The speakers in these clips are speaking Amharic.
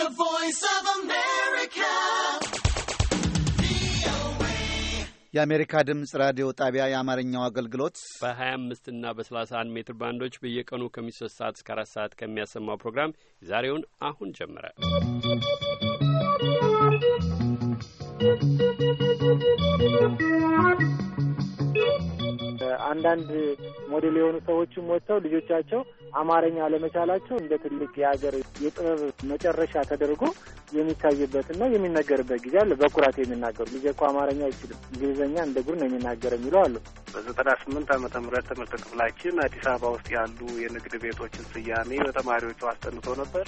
The Voice of America. የአሜሪካ ድምፅ ራዲዮ ጣቢያ የአማርኛው አገልግሎት በ25 እና በ31 ሜትር ባንዶች በየቀኑ ከ3 ሰዓት እስከ 4 ሰዓት ከሚያሰማው ፕሮግራም ዛሬውን አሁን ጀመረ። ¶¶ አንዳንድ ሞዴል የሆኑ ሰዎችም ወጥተው ልጆቻቸው አማርኛ አለመቻላቸው እንደ ትልቅ የሀገር የጥበብ መጨረሻ ተደርጎ የሚታይበትና የሚነገርበት ጊዜ አለ። በኩራት የሚናገሩ ልጅ እኮ አማርኛ አይችልም እንግሊዝኛ እንደ ጉር ነው የሚናገር የሚለው አሉ። በዘጠና ስምንት ዓመተ ምህረት ትምህርት ክፍላችን አዲስ አበባ ውስጥ ያሉ የንግድ ቤቶችን ስያሜ በተማሪዎቹ አስጠንቶ ነበር።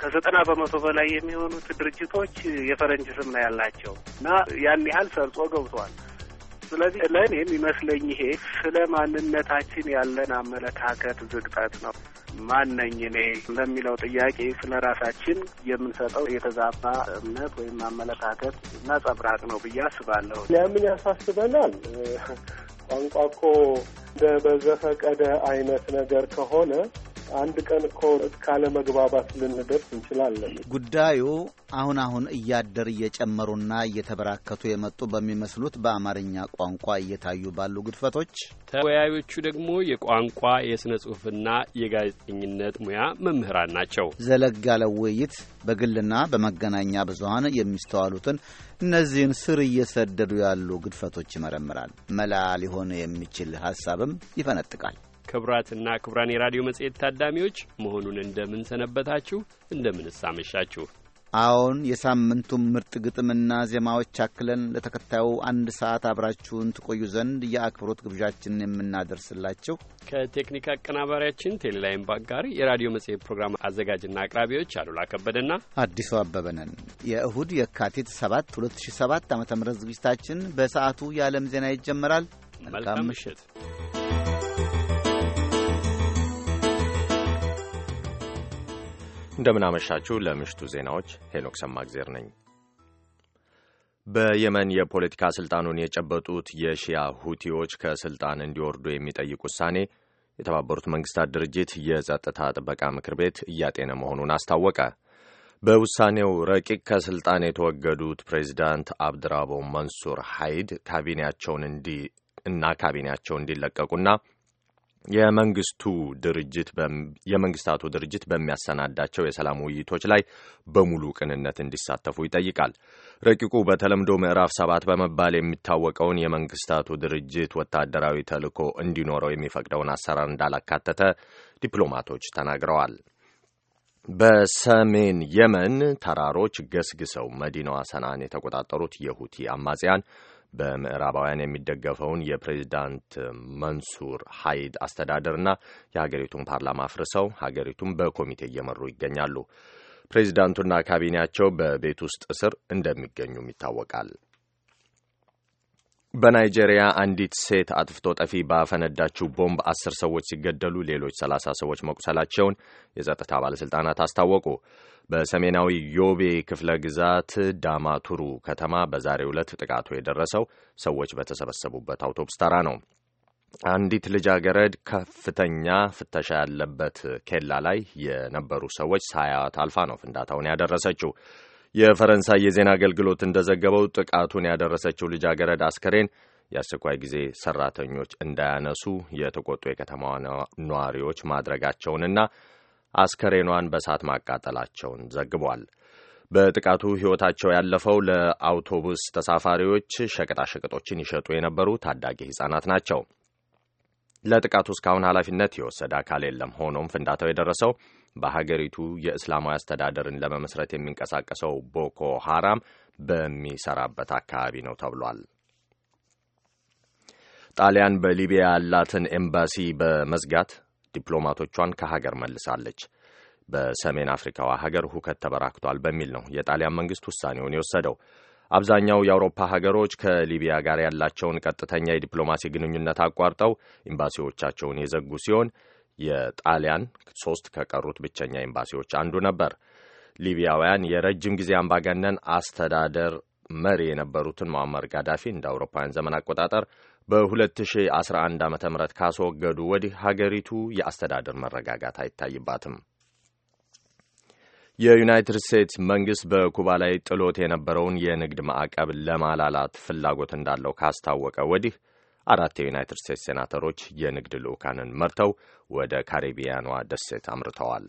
ከዘጠና በመቶ በላይ የሚሆኑት ድርጅቶች የፈረንጅ ስም ነው ያላቸው እና ያን ያህል ሰርጾ ገብቷል። ስለዚህ ለእኔ የሚመስለኝ ይሄ ስለ ማንነታችን ያለን አመለካከት ዝግጠት ነው። ማነኝ እኔ ለሚለው ጥያቄ ስለ ራሳችን የምንሰጠው የተዛባ እምነት ወይም አመለካከት ነጸብራቅ ነው ብዬ አስባለሁ። ለምን ያሳስበናል? ቋንቋ እኮ እንደ በዘፈቀደ አይነት ነገር ከሆነ አንድ ቀን እኮ እስካለ መግባባት ልንደርስ እንችላለን። ጉዳዩ አሁን አሁን እያደር እየጨመሩና እየተበራከቱ የመጡ በሚመስሉት በአማርኛ ቋንቋ እየታዩ ባሉ ግድፈቶች ተወያዮቹ ደግሞ የቋንቋ የሥነ ጽሑፍና የጋዜጠኝነት ሙያ መምህራን ናቸው። ዘለግ ያለ ውይይት በግልና በመገናኛ ብዙሀን የሚስተዋሉትን እነዚህን ስር እየሰደዱ ያሉ ግድፈቶች ይመረምራል። መላ ሊሆን የሚችል ሀሳብም ይፈነጥቃል። ክቡራትና ክቡራን የራዲዮ መጽሔት ታዳሚዎች መሆኑን ሰነበታችሁ? እንደምን ሳመሻችሁ? አዎን የሳምንቱም ምርጥ ግጥምና ዜማዎች አክለን ለተከታዩ አንድ ሰዓት አብራችሁን ትቆዩ ዘንድ የአክብሮት ግብዣችንን የምናደርስላችሁ ከቴክኒክ አቀናባሪያችን ቴሌላይም ባክ ጋር የራዲዮ መጽሔት ፕሮግራም አዘጋጅና አቅራቢዎች አሉላ ከበደና አዲሱ አበበ ነን። የእሁድ የካቲት 7 2007 ዓ ም ዝግጅታችን በሰዓቱ የዓለም ዜና ይጀመራል። መልካም ምሽት። እንደምናመሻችሁ። ለምሽቱ ዜናዎች ሄኖክ ሰማግዜር ነኝ። በየመን የፖለቲካ ስልጣኑን የጨበጡት የሺያ ሁቲዎች ከስልጣን እንዲወርዱ የሚጠይቅ ውሳኔ የተባበሩት መንግስታት ድርጅት የጸጥታ ጥበቃ ምክር ቤት እያጤነ መሆኑን አስታወቀ። በውሳኔው ረቂቅ ከስልጣን የተወገዱት ፕሬዚዳንት አብድራቦ መንሱር ሀይድ ካቢኔያቸውን እንዲ እና ካቢኔያቸው እንዲለቀቁና የመንግስቱ ድርጅት የመንግስታቱ ድርጅት በሚያሰናዳቸው የሰላም ውይይቶች ላይ በሙሉ ቅንነት እንዲሳተፉ ይጠይቃል። ረቂቁ በተለምዶ ምዕራፍ ሰባት በመባል የሚታወቀውን የመንግስታቱ ድርጅት ወታደራዊ ተልዕኮ እንዲኖረው የሚፈቅደውን አሰራር እንዳላካተተ ዲፕሎማቶች ተናግረዋል። በሰሜን የመን ተራሮች ገስግሰው መዲናዋ ሰናን የተቆጣጠሩት የሁቲ አማጽያን በምዕራባውያን የሚደገፈውን የፕሬዚዳንት መንሱር ሀይድ አስተዳደርና የሀገሪቱን ፓርላማ አፍርሰው ሀገሪቱን በኮሚቴ እየመሩ ይገኛሉ። ፕሬዚዳንቱና ካቢኔያቸው በቤት ውስጥ እስር እንደሚገኙም ይታወቃል። በናይጄሪያ አንዲት ሴት አጥፍቶ ጠፊ ባፈነዳችው ቦምብ አስር ሰዎች ሲገደሉ ሌሎች ሰላሳ ሰዎች መቁሰላቸውን የጸጥታ ባለሥልጣናት አስታወቁ። በሰሜናዊ ዮቤ ክፍለ ግዛት ዳማቱሩ ከተማ በዛሬው ዕለት ጥቃቱ የደረሰው ሰዎች በተሰበሰቡበት አውቶቡስ ተራ ነው። አንዲት ልጃገረድ ከፍተኛ ፍተሻ ያለበት ኬላ ላይ የነበሩ ሰዎች ሳያት አልፋ ነው ፍንዳታውን ያደረሰችው። የፈረንሳይ የዜና አገልግሎት እንደዘገበው ጥቃቱን ያደረሰችው ልጃገረድ አስከሬን የአስቸኳይ ጊዜ ሰራተኞች እንዳያነሱ የተቆጡ የከተማዋ ነዋሪዎች ማድረጋቸውንና አስከሬኗን በሳት ማቃጠላቸውን ዘግቧል። በጥቃቱ ሕይወታቸው ያለፈው ለአውቶቡስ ተሳፋሪዎች ሸቀጣሸቀጦችን ይሸጡ የነበሩ ታዳጊ ሕፃናት ናቸው። ለጥቃቱ እስካሁን ኃላፊነት የወሰደ አካል የለም። ሆኖም ፍንዳታው የደረሰው በሀገሪቱ የእስላማዊ አስተዳደርን ለመመስረት የሚንቀሳቀሰው ቦኮ ሀራም በሚሰራበት አካባቢ ነው ተብሏል። ጣሊያን በሊቢያ ያላትን ኤምባሲ በመዝጋት ዲፕሎማቶቿን ከሀገር መልሳለች። በሰሜን አፍሪካዋ ሀገር ሁከት ተበራክቷል በሚል ነው የጣሊያን መንግስት ውሳኔውን የወሰደው። አብዛኛው የአውሮፓ ሀገሮች ከሊቢያ ጋር ያላቸውን ቀጥተኛ የዲፕሎማሲ ግንኙነት አቋርጠው ኤምባሲዎቻቸውን የዘጉ ሲሆን የጣሊያን ሶስት ከቀሩት ብቸኛ ኤምባሲዎች አንዱ ነበር። ሊቢያውያን የረጅም ጊዜ አምባገነን አስተዳደር መሪ የነበሩትን ሙአመር ጋዳፊ እንደ አውሮፓውያን ዘመን አቆጣጠር በ2011 ዓ ም ካስወገዱ ወዲህ ሀገሪቱ የአስተዳደር መረጋጋት አይታይባትም። የዩናይትድ ስቴትስ መንግሥት በኩባ ላይ ጥሎት የነበረውን የንግድ ማዕቀብ ለማላላት ፍላጎት እንዳለው ካስታወቀ ወዲህ አራት የዩናይትድ ስቴትስ ሴናተሮች የንግድ ልዑካንን መርተው ወደ ካሪቢያኗ ደሴት አምርተዋል።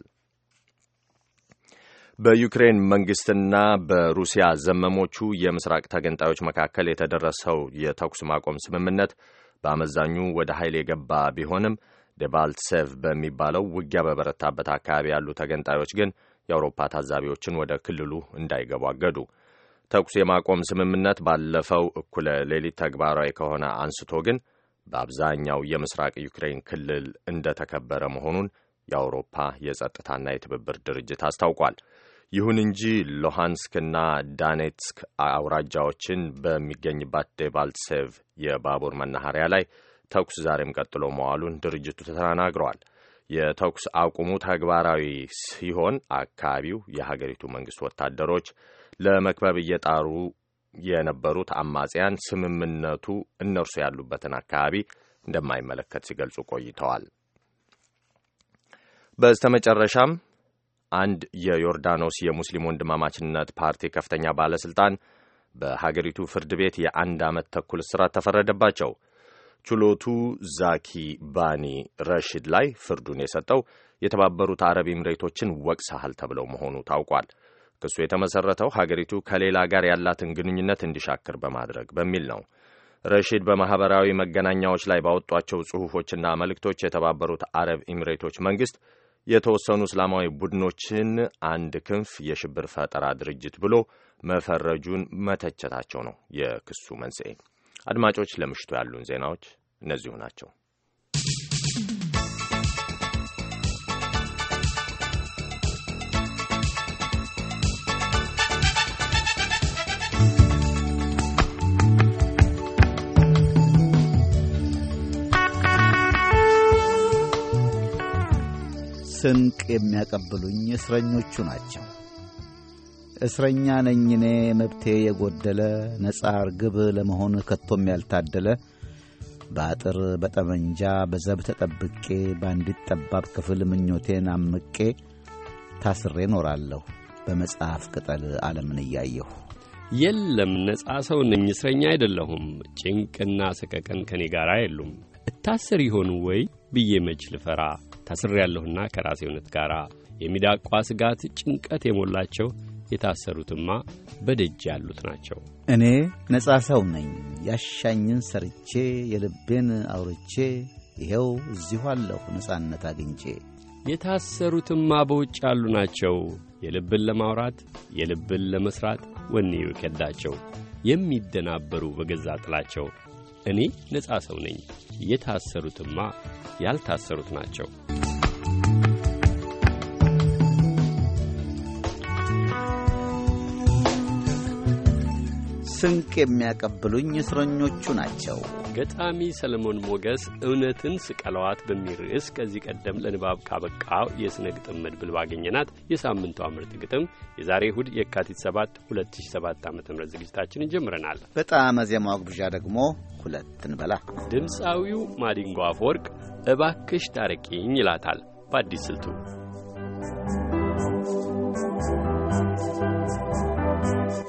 በዩክሬን መንግስትና በሩሲያ ዘመሞቹ የምስራቅ ተገንጣዮች መካከል የተደረሰው የተኩስ ማቆም ስምምነት በአመዛኙ ወደ ኃይል የገባ ቢሆንም ደባልትሴቭ በሚባለው ውጊያ በበረታበት አካባቢ ያሉ ተገንጣዮች ግን የአውሮፓ ታዛቢዎችን ወደ ክልሉ እንዳይገቡ አገዱ። ተኩስ የማቆም ስምምነት ባለፈው እኩለ ሌሊት ተግባራዊ ከሆነ አንስቶ ግን በአብዛኛው የምስራቅ ዩክሬን ክልል እንደተከበረ መሆኑን የአውሮፓ የጸጥታና የትብብር ድርጅት አስታውቋል። ይሁን እንጂ ሎሃንስክና ዳኔትስክ አውራጃዎችን በሚገኝባት ዴባልትሴቭ የባቡር መናኸሪያ ላይ ተኩስ ዛሬም ቀጥሎ መዋሉን ድርጅቱ ተናግረዋል። የተኩስ አቁሙ ተግባራዊ ሲሆን አካባቢው የሀገሪቱ መንግስት ወታደሮች ለመክበብ እየጣሩ የነበሩት አማጽያን ስምምነቱ እነርሱ ያሉበትን አካባቢ እንደማይመለከት ሲገልጹ ቆይተዋል። በስተመጨረሻም አንድ የዮርዳኖስ የሙስሊም ወንድማማችነት ፓርቲ ከፍተኛ ባለሥልጣን በሀገሪቱ ፍርድ ቤት የአንድ ዓመት ተኩል እስራት ተፈረደባቸው። ችሎቱ ዛኪ ባኒ ረሽድ ላይ ፍርዱን የሰጠው የተባበሩት አረብ ኤምሬቶችን ወቅሰሃል ተብለው መሆኑ ታውቋል። ክሱ የተመሠረተው ሀገሪቱ ከሌላ ጋር ያላትን ግንኙነት እንዲሻክር በማድረግ በሚል ነው። ረሺድ በማኅበራዊ መገናኛዎች ላይ ባወጧቸው ጽሑፎችና መልእክቶች የተባበሩት አረብ ኤሚሬቶች መንግሥት የተወሰኑ እስላማዊ ቡድኖችን አንድ ክንፍ የሽብር ፈጠራ ድርጅት ብሎ መፈረጁን መተቸታቸው ነው የክሱ መንስኤ። አድማጮች፣ ለምሽቱ ያሉን ዜናዎች እነዚሁ ናቸው። ስንቅ የሚያቀብሉኝ እስረኞቹ ናቸው። እስረኛ ነኝ እኔ መብቴ የጎደለ ነጻ ርግብ ለመሆን ከቶም ያልታደለ በአጥር በጠመንጃ በዘብ ተጠብቄ በአንዲት ጠባብ ክፍል ምኞቴን አምቄ ታስሬ ኖራለሁ በመጽሐፍ ቅጠል ዓለምን እያየሁ። የለም ነጻ ሰው ነኝ እስረኛ አይደለሁም። ጭንቅና ሰቀቀን ከኔ ጋር የሉም። እታስር ይሆኑ ወይ ብዬ መች ልፈራ ያለሁና ከራሴ እውነት ጋር የሚዳቋ ስጋት ጭንቀት የሞላቸው የታሰሩትማ በደጅ ያሉት ናቸው። እኔ ነጻ ሰው ነኝ። ያሻኝን ሰርቼ የልቤን አውርቼ ይኸው እዚሁ አለሁ ነጻነት አግኝቼ። የታሰሩትማ በውጭ ያሉ ናቸው። የልብን ለማውራት የልብን ለመሥራት ወኔው የከዳቸው የሚደናበሩ በገዛ ጥላቸው። እኔ ነጻ ሰው ነኝ። የታሰሩትማ ያልታሰሩት ናቸው። ስንቅ የሚያቀብሉኝ እስረኞቹ ናቸው። ገጣሚ ሰለሞን ሞገስ እውነትን ስቀለዋት በሚል ርዕስ ከዚህ ቀደም ለንባብ ካበቃው የሥነ ግጥም መድብል ባገኘናት የሳምንቷ ምርጥ ግጥም የዛሬ እሁድ የካቲት 7 2007 ዓ ም ዝግጅታችንን ጀምረናል። በጣም ዜማው ግብዣ ደግሞ ሁለት እንበላ። ድምፃዊው ማዲንጎ አፈወርቅ እባክሽ ታረቂኝ ይላታል በአዲስ ስልቱ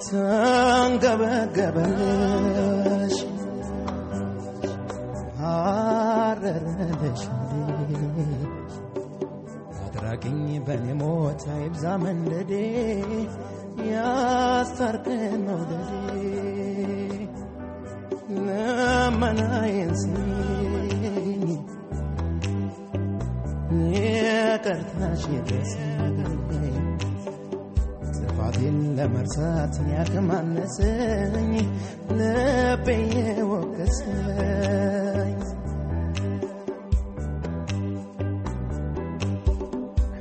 ተንገበገበልሽ አረረልሽ አድራጊኝ በኔ ሞት አይብዛ መንደዴ ያስታርቅን መውደዴ ነመናይንስ የቀርታሽ የደስ ጥፋቴን ለመርሳት ያከማነሰኝ ልቤዬ ወቀሰኝ።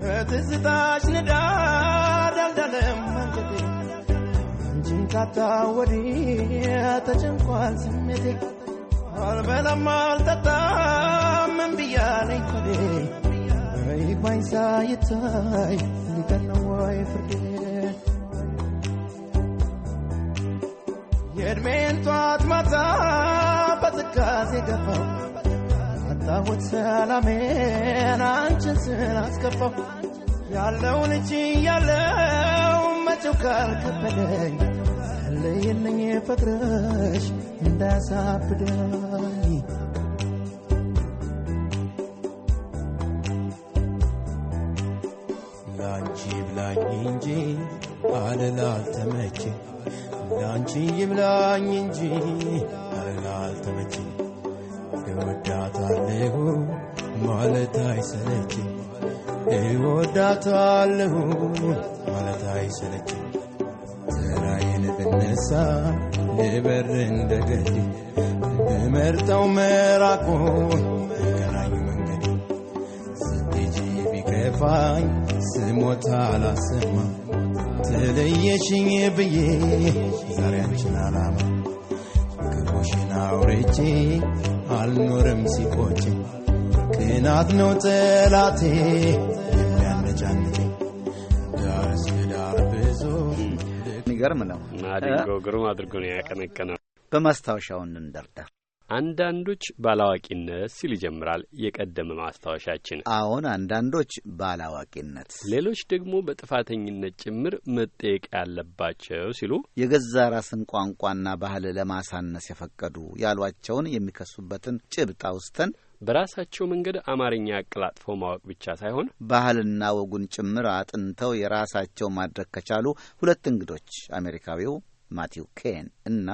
ከትዝታሽ ንዳድ አልዳለም መንገዴ አንቺን ካጣሁ ወዲያ ተጨንቋል ስሜቴ። አልበላም አልጠጣም ምን ብያለኝ ሆዴ ይባኝ ሳይታይ ሊቀን ፍርዴ? ትካዜ ገፋው አጣሁት ሰላሜን አንችን ስላስከፋው ያለው ልጅ ያለው መቼው ካልከበደኝ ለየልኝ ፍቅርሽ እንዳያሳብደኝ ላንቺ ብላኝ እንጂ አለላልተመቼ ላንቺ ይብላኝ እንጂ ሳልሰማ ተለየችኝ ብዬ ዛሬ አንቺን አላማ ክፉሽን አውርቼ አልኖርም ሲቆጭ ቅናት ነው ጠላቴ የሚያነጫንጭ ዳር ብዙ የሚገርም ነው። አድንጎ ግሩም አድርጎ ነው ያቀነቀነው። በማስታወሻውን እንደርደር አንዳንዶች ባላዋቂነት ሲል ይጀምራል የቀደመ ማስታወሻችን። አዎን አንዳንዶች ባላዋቂነት፣ ሌሎች ደግሞ በጥፋተኝነት ጭምር መጠየቅ ያለባቸው ሲሉ የገዛ ራስን ቋንቋና ባህል ለማሳነስ የፈቀዱ ያሏቸውን የሚከሱበትን ጭብጥ አውስተን በራሳቸው መንገድ አማርኛ አቀላጥፈው ማወቅ ብቻ ሳይሆን ባህልና ወጉን ጭምር አጥንተው የራሳቸው ማድረግ ከቻሉ ሁለት እንግዶች አሜሪካዊው ማቲው ኬን እና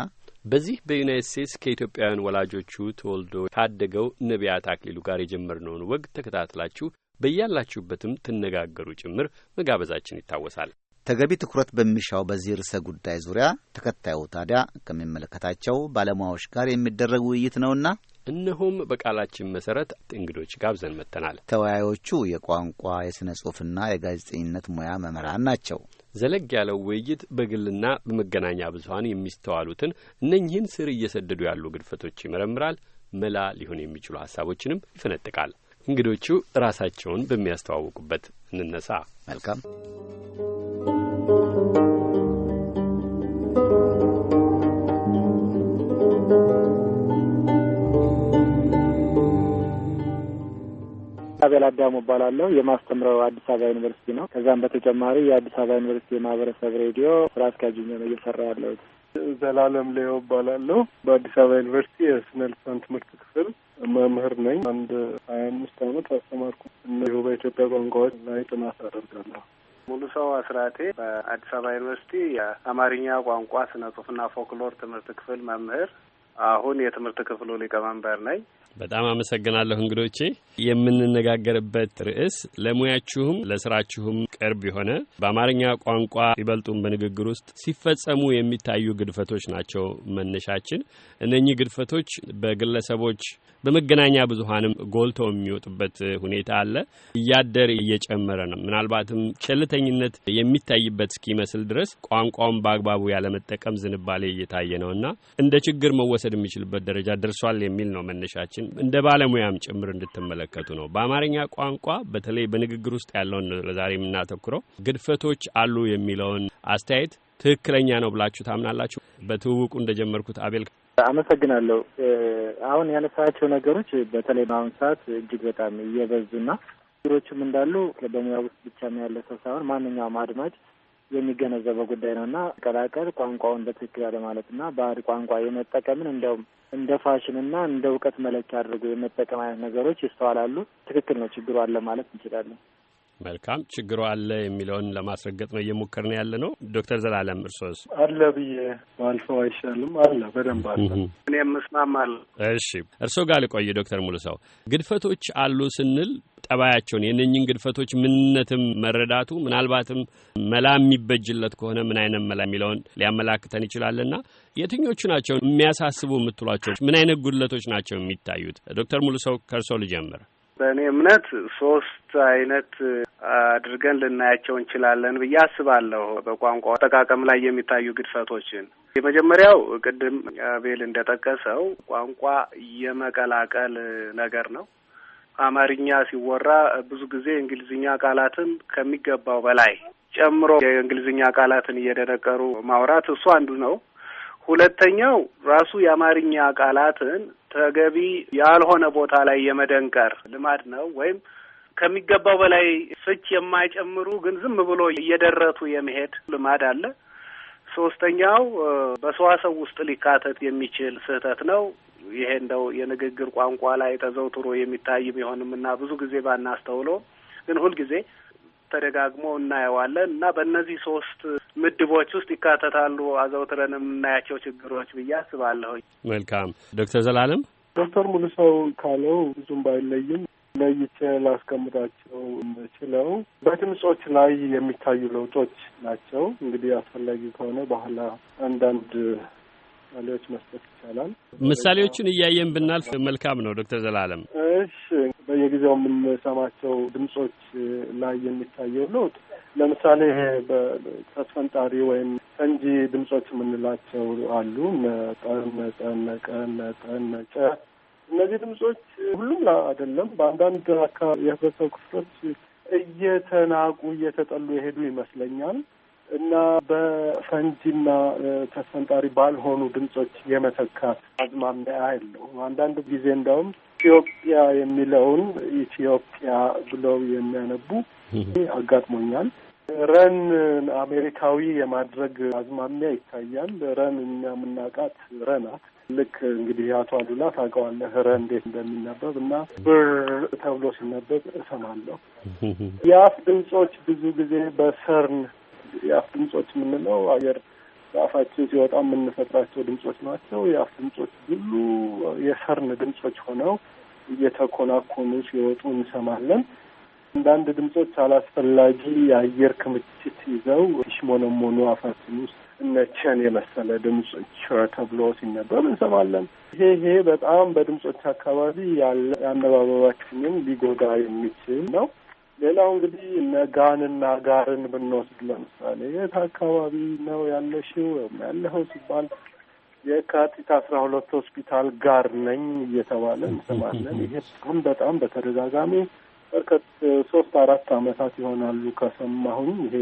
በዚህ በዩናይት ስቴትስ ከኢትዮጵያውያን ወላጆቹ ተወልዶ ካደገው ነቢያት አክሊሉ ጋር የጀመርነውን ወግ ተከታትላችሁ በያላችሁበትም ትነጋገሩ ጭምር መጋበዛችን ይታወሳል። ተገቢ ትኩረት በሚሻው በዚህ ርዕሰ ጉዳይ ዙሪያ ተከታዩ ታዲያ ከሚመለከታቸው ባለሙያዎች ጋር የሚደረግ ውይይት ነውና እነሆም በቃላችን መሰረት እንግዶች ጋብዘን መጥተናል። ተወያዮቹ የቋንቋ የሥነ ጽሑፍና የጋዜጠኝነት ሙያ መምህራን ናቸው። ዘለግ ያለው ውይይት በግልና በመገናኛ ብዙሀን የሚስተዋሉትን እነኚህን ስር እየሰደዱ ያሉ ግድፈቶች ይመረምራል። መላ ሊሆን የሚችሉ ሀሳቦችንም ይፈነጥቃል። እንግዶቹ ራሳቸውን በሚያስተዋውቁበት እንነሳ። መልካም አቤል አዳሙ እባላለሁ። የማስተምረው አዲስ አበባ ዩኒቨርሲቲ ነው። ከዛም በተጨማሪ የአዲስ አበባ ዩኒቨርሲቲ የማህበረሰብ ሬዲዮ ስራ አስኪያጅ ነው እየሰራ ያለሁት። ዘላለም ሌዮ እባላለሁ። በአዲስ አበባ ዩኒቨርሲቲ የስነ ልሳን ትምህርት ክፍል መምህር ነኝ። አንድ ሀያ አምስት አመት አስተማርኩ። እነዚሁ በኢትዮጵያ ቋንቋዎች ላይ ጥናት አደርጋለሁ። ሙሉ ሰው አስራቴ በአዲስ አበባ ዩኒቨርሲቲ የአማርኛ ቋንቋ ስነ ጽሁፍና ፎክሎር ትምህርት ክፍል መምህር፣ አሁን የትምህርት ክፍሉ ሊቀመንበር ነኝ። በጣም አመሰግናለሁ እንግዶቼ። የምንነጋገርበት ርዕስ ለሙያችሁም ለስራችሁም ቅርብ የሆነ በአማርኛ ቋንቋ ይበልጡን በንግግር ውስጥ ሲፈጸሙ የሚታዩ ግድፈቶች ናቸው መነሻችን። እነኚህ ግድፈቶች በግለሰቦች በመገናኛ ብዙኃንም ጎልተው የሚወጡበት ሁኔታ አለ። እያደር እየጨመረ ነው። ምናልባትም ቸልተኝነት የሚታይበት እስኪመስል ድረስ ቋንቋውን በአግባቡ ያለመጠቀም ዝንባሌ እየታየ ነውና እንደ ችግር መወሰድ የሚችልበት ደረጃ ደርሷል የሚል ነው መነሻችን። ሁኔታዎችን እንደ ባለሙያም ጭምር እንድትመለከቱ ነው። በአማርኛ ቋንቋ በተለይ በንግግር ውስጥ ያለውን ለዛሬ የምናተኩረው ግድፈቶች አሉ የሚለውን አስተያየት ትክክለኛ ነው ብላችሁ ታምናላችሁ? በትውውቁ እንደጀመርኩት አቤል አመሰግናለሁ። አሁን ያነሳቸው ነገሮች በተለይ በአሁን ሰዓት እጅግ በጣም እየበዙና ችግሮችም እንዳሉ በሙያ ውስጥ ብቻ ያለ ሰው ሳይሆን ማንኛውም አድማጭ የሚገነዘበው ጉዳይ ነው እና ቀላቀል ቋንቋውን በትክክል ያለማለትና ባዕድ ቋንቋ የመጠቀምን እንደውም እንደ እና እንደ እውቀት መለኪያ አድርጎ የመጠቀም አይነት ነገሮች ይስተዋላሉ። ትክክል ነው፣ ችግሩ አለ ማለት እንችላለን። መልካም ችግሩ አለ የሚለውን ለማስረገጥ ነው እየሞከር ነው ያለ ነው። ዶክተር ዘላለም እርሶስ? አለ ብዬ ማልፈው አይሻልም። አለ በደንብ አለ። እኔ ምስማማለሁ። እሺ እርሶ ጋር ልቆይ ዶክተር ሙሉ ሰው ግድፈቶች አሉ ስንል ጠባያቸውን የእነኝን ግድፈቶች ምንነትም መረዳቱ ምናልባትም መላ የሚበጅለት ከሆነ ምን አይነት መላ የሚለውን ሊያመላክተን ይችላልና የትኞቹ ናቸው የሚያሳስቡ የምትሏቸው? ምን አይነት ጉድለቶች ናቸው የሚታዩት? ዶክተር ሙሉ ሰው ከእርሶ ልጀምር። በእኔ እምነት ሶስት አይነት አድርገን ልናያቸው እንችላለን ብዬ አስባለሁ። በቋንቋ አጠቃቀም ላይ የሚታዩ ግድፈቶችን የመጀመሪያው ቅድም አቤል እንደጠቀሰው ቋንቋ የመቀላቀል ነገር ነው። አማርኛ ሲወራ ብዙ ጊዜ እንግሊዝኛ ቃላትን ከሚገባው በላይ ጨምሮ የእንግሊዝኛ ቃላትን እየደነቀሩ ማውራት እሱ አንዱ ነው። ሁለተኛው ራሱ የአማርኛ ቃላትን ተገቢ ያልሆነ ቦታ ላይ የመደንቀር ልማድ ነው ወይም ከሚገባው በላይ ፍች የማይጨምሩ ግን ዝም ብሎ እየደረቱ የመሄድ ልማድ አለ። ሶስተኛው በሰዋሰው ውስጥ ሊካተት የሚችል ስህተት ነው። ይሄ እንደው የንግግር ቋንቋ ላይ ተዘውትሮ የሚታይ ቢሆንም እና ብዙ ጊዜ ባናስተውሎ ግን ሁልጊዜ ተደጋግሞ እናየዋለን እና በእነዚህ ሶስት ምድቦች ውስጥ ይካተታሉ አዘውትረን የምናያቸው ችግሮች ብዬ አስባለሁኝ። መልካም ዶክተር ዘላለም ዶክተር ሙሉ ሰው ካለው ብዙም ባይለይም ለይቼ ላስቀምጣቸው የምችለው በድምጾች ላይ የሚታዩ ለውጦች ናቸው። እንግዲህ አስፈላጊ ከሆነ በኋላ አንዳንድ ምሳሌዎች መስጠት ይቻላል። ምሳሌዎቹን እያየን ብናልፍ መልካም ነው። ዶክተር ዘላለም እሺ፣ በየጊዜው የምንሰማቸው ድምጾች ላይ የሚታየው ለውጥ ለምሳሌ ተስፈንጣሪ ወይም ፈንጂ ድምጾች የምንላቸው አሉ። ነጠ ነጠ ነቀ ነጠ ነጨ እነዚህ ድምጾች ሁሉም አይደለም። በአንዳንድ አካባቢ የህብረተሰብ ክፍሎች እየተናቁ እየተጠሉ የሄዱ ይመስለኛል። እና በፈንጂና ተሰንጣሪ ባልሆኑ ድምጾች የመተካት አዝማሚያ ያለው አንዳንድ ጊዜ እንደውም ኢትዮጵያ የሚለውን ኢትዮጵያ ብለው የሚያነቡ አጋጥሞኛል። ረን አሜሪካዊ የማድረግ አዝማሚያ ይታያል። ረን እኛ የምናውቃት ረናት ልክ እንግዲህ አቶ አሉላ ታውቀዋለህ፣ ረ እንዴት እንደሚነበብ እና ብር ተብሎ ሲነበብ እሰማለሁ። የአፍ ድምጾች ብዙ ጊዜ በሰርን የአፍ ድምጾች የምንለው አየር ጻፋችን ሲወጣ የምንፈጥራቸው ድምጾች ናቸው። የአፍ ድምጾች ሁሉ የፈርን ድምጾች ሆነው እየተኮናኮኑ ሲወጡ እንሰማለን። አንዳንድ ድምጾች አላስፈላጊ የአየር ክምችት ይዘው ሽሞነሞኑ አፋችን ውስጥ እነቸን የመሰለ ድምጾች ተብሎ ሲነበብ እንሰማለን። ይሄ ይሄ በጣም በድምጾች አካባቢ ያለ አነባበባችንም ሊጎዳ የሚችል ነው። ሌላው እንግዲህ እነ ጋንና ጋርን ብንወስድ ለምሳሌ የት አካባቢ ነው ያለሽው ወይም ያለኸው ሲባል የካቲት አስራ ሁለት ሆስፒታል ጋር ነኝ እየተባለ እንሰማለን። ይሄ በጣም በጣም በተደጋጋሚ በርከት ሶስት አራት አመታት ይሆናሉ ከሰማሁኝ። ይሄ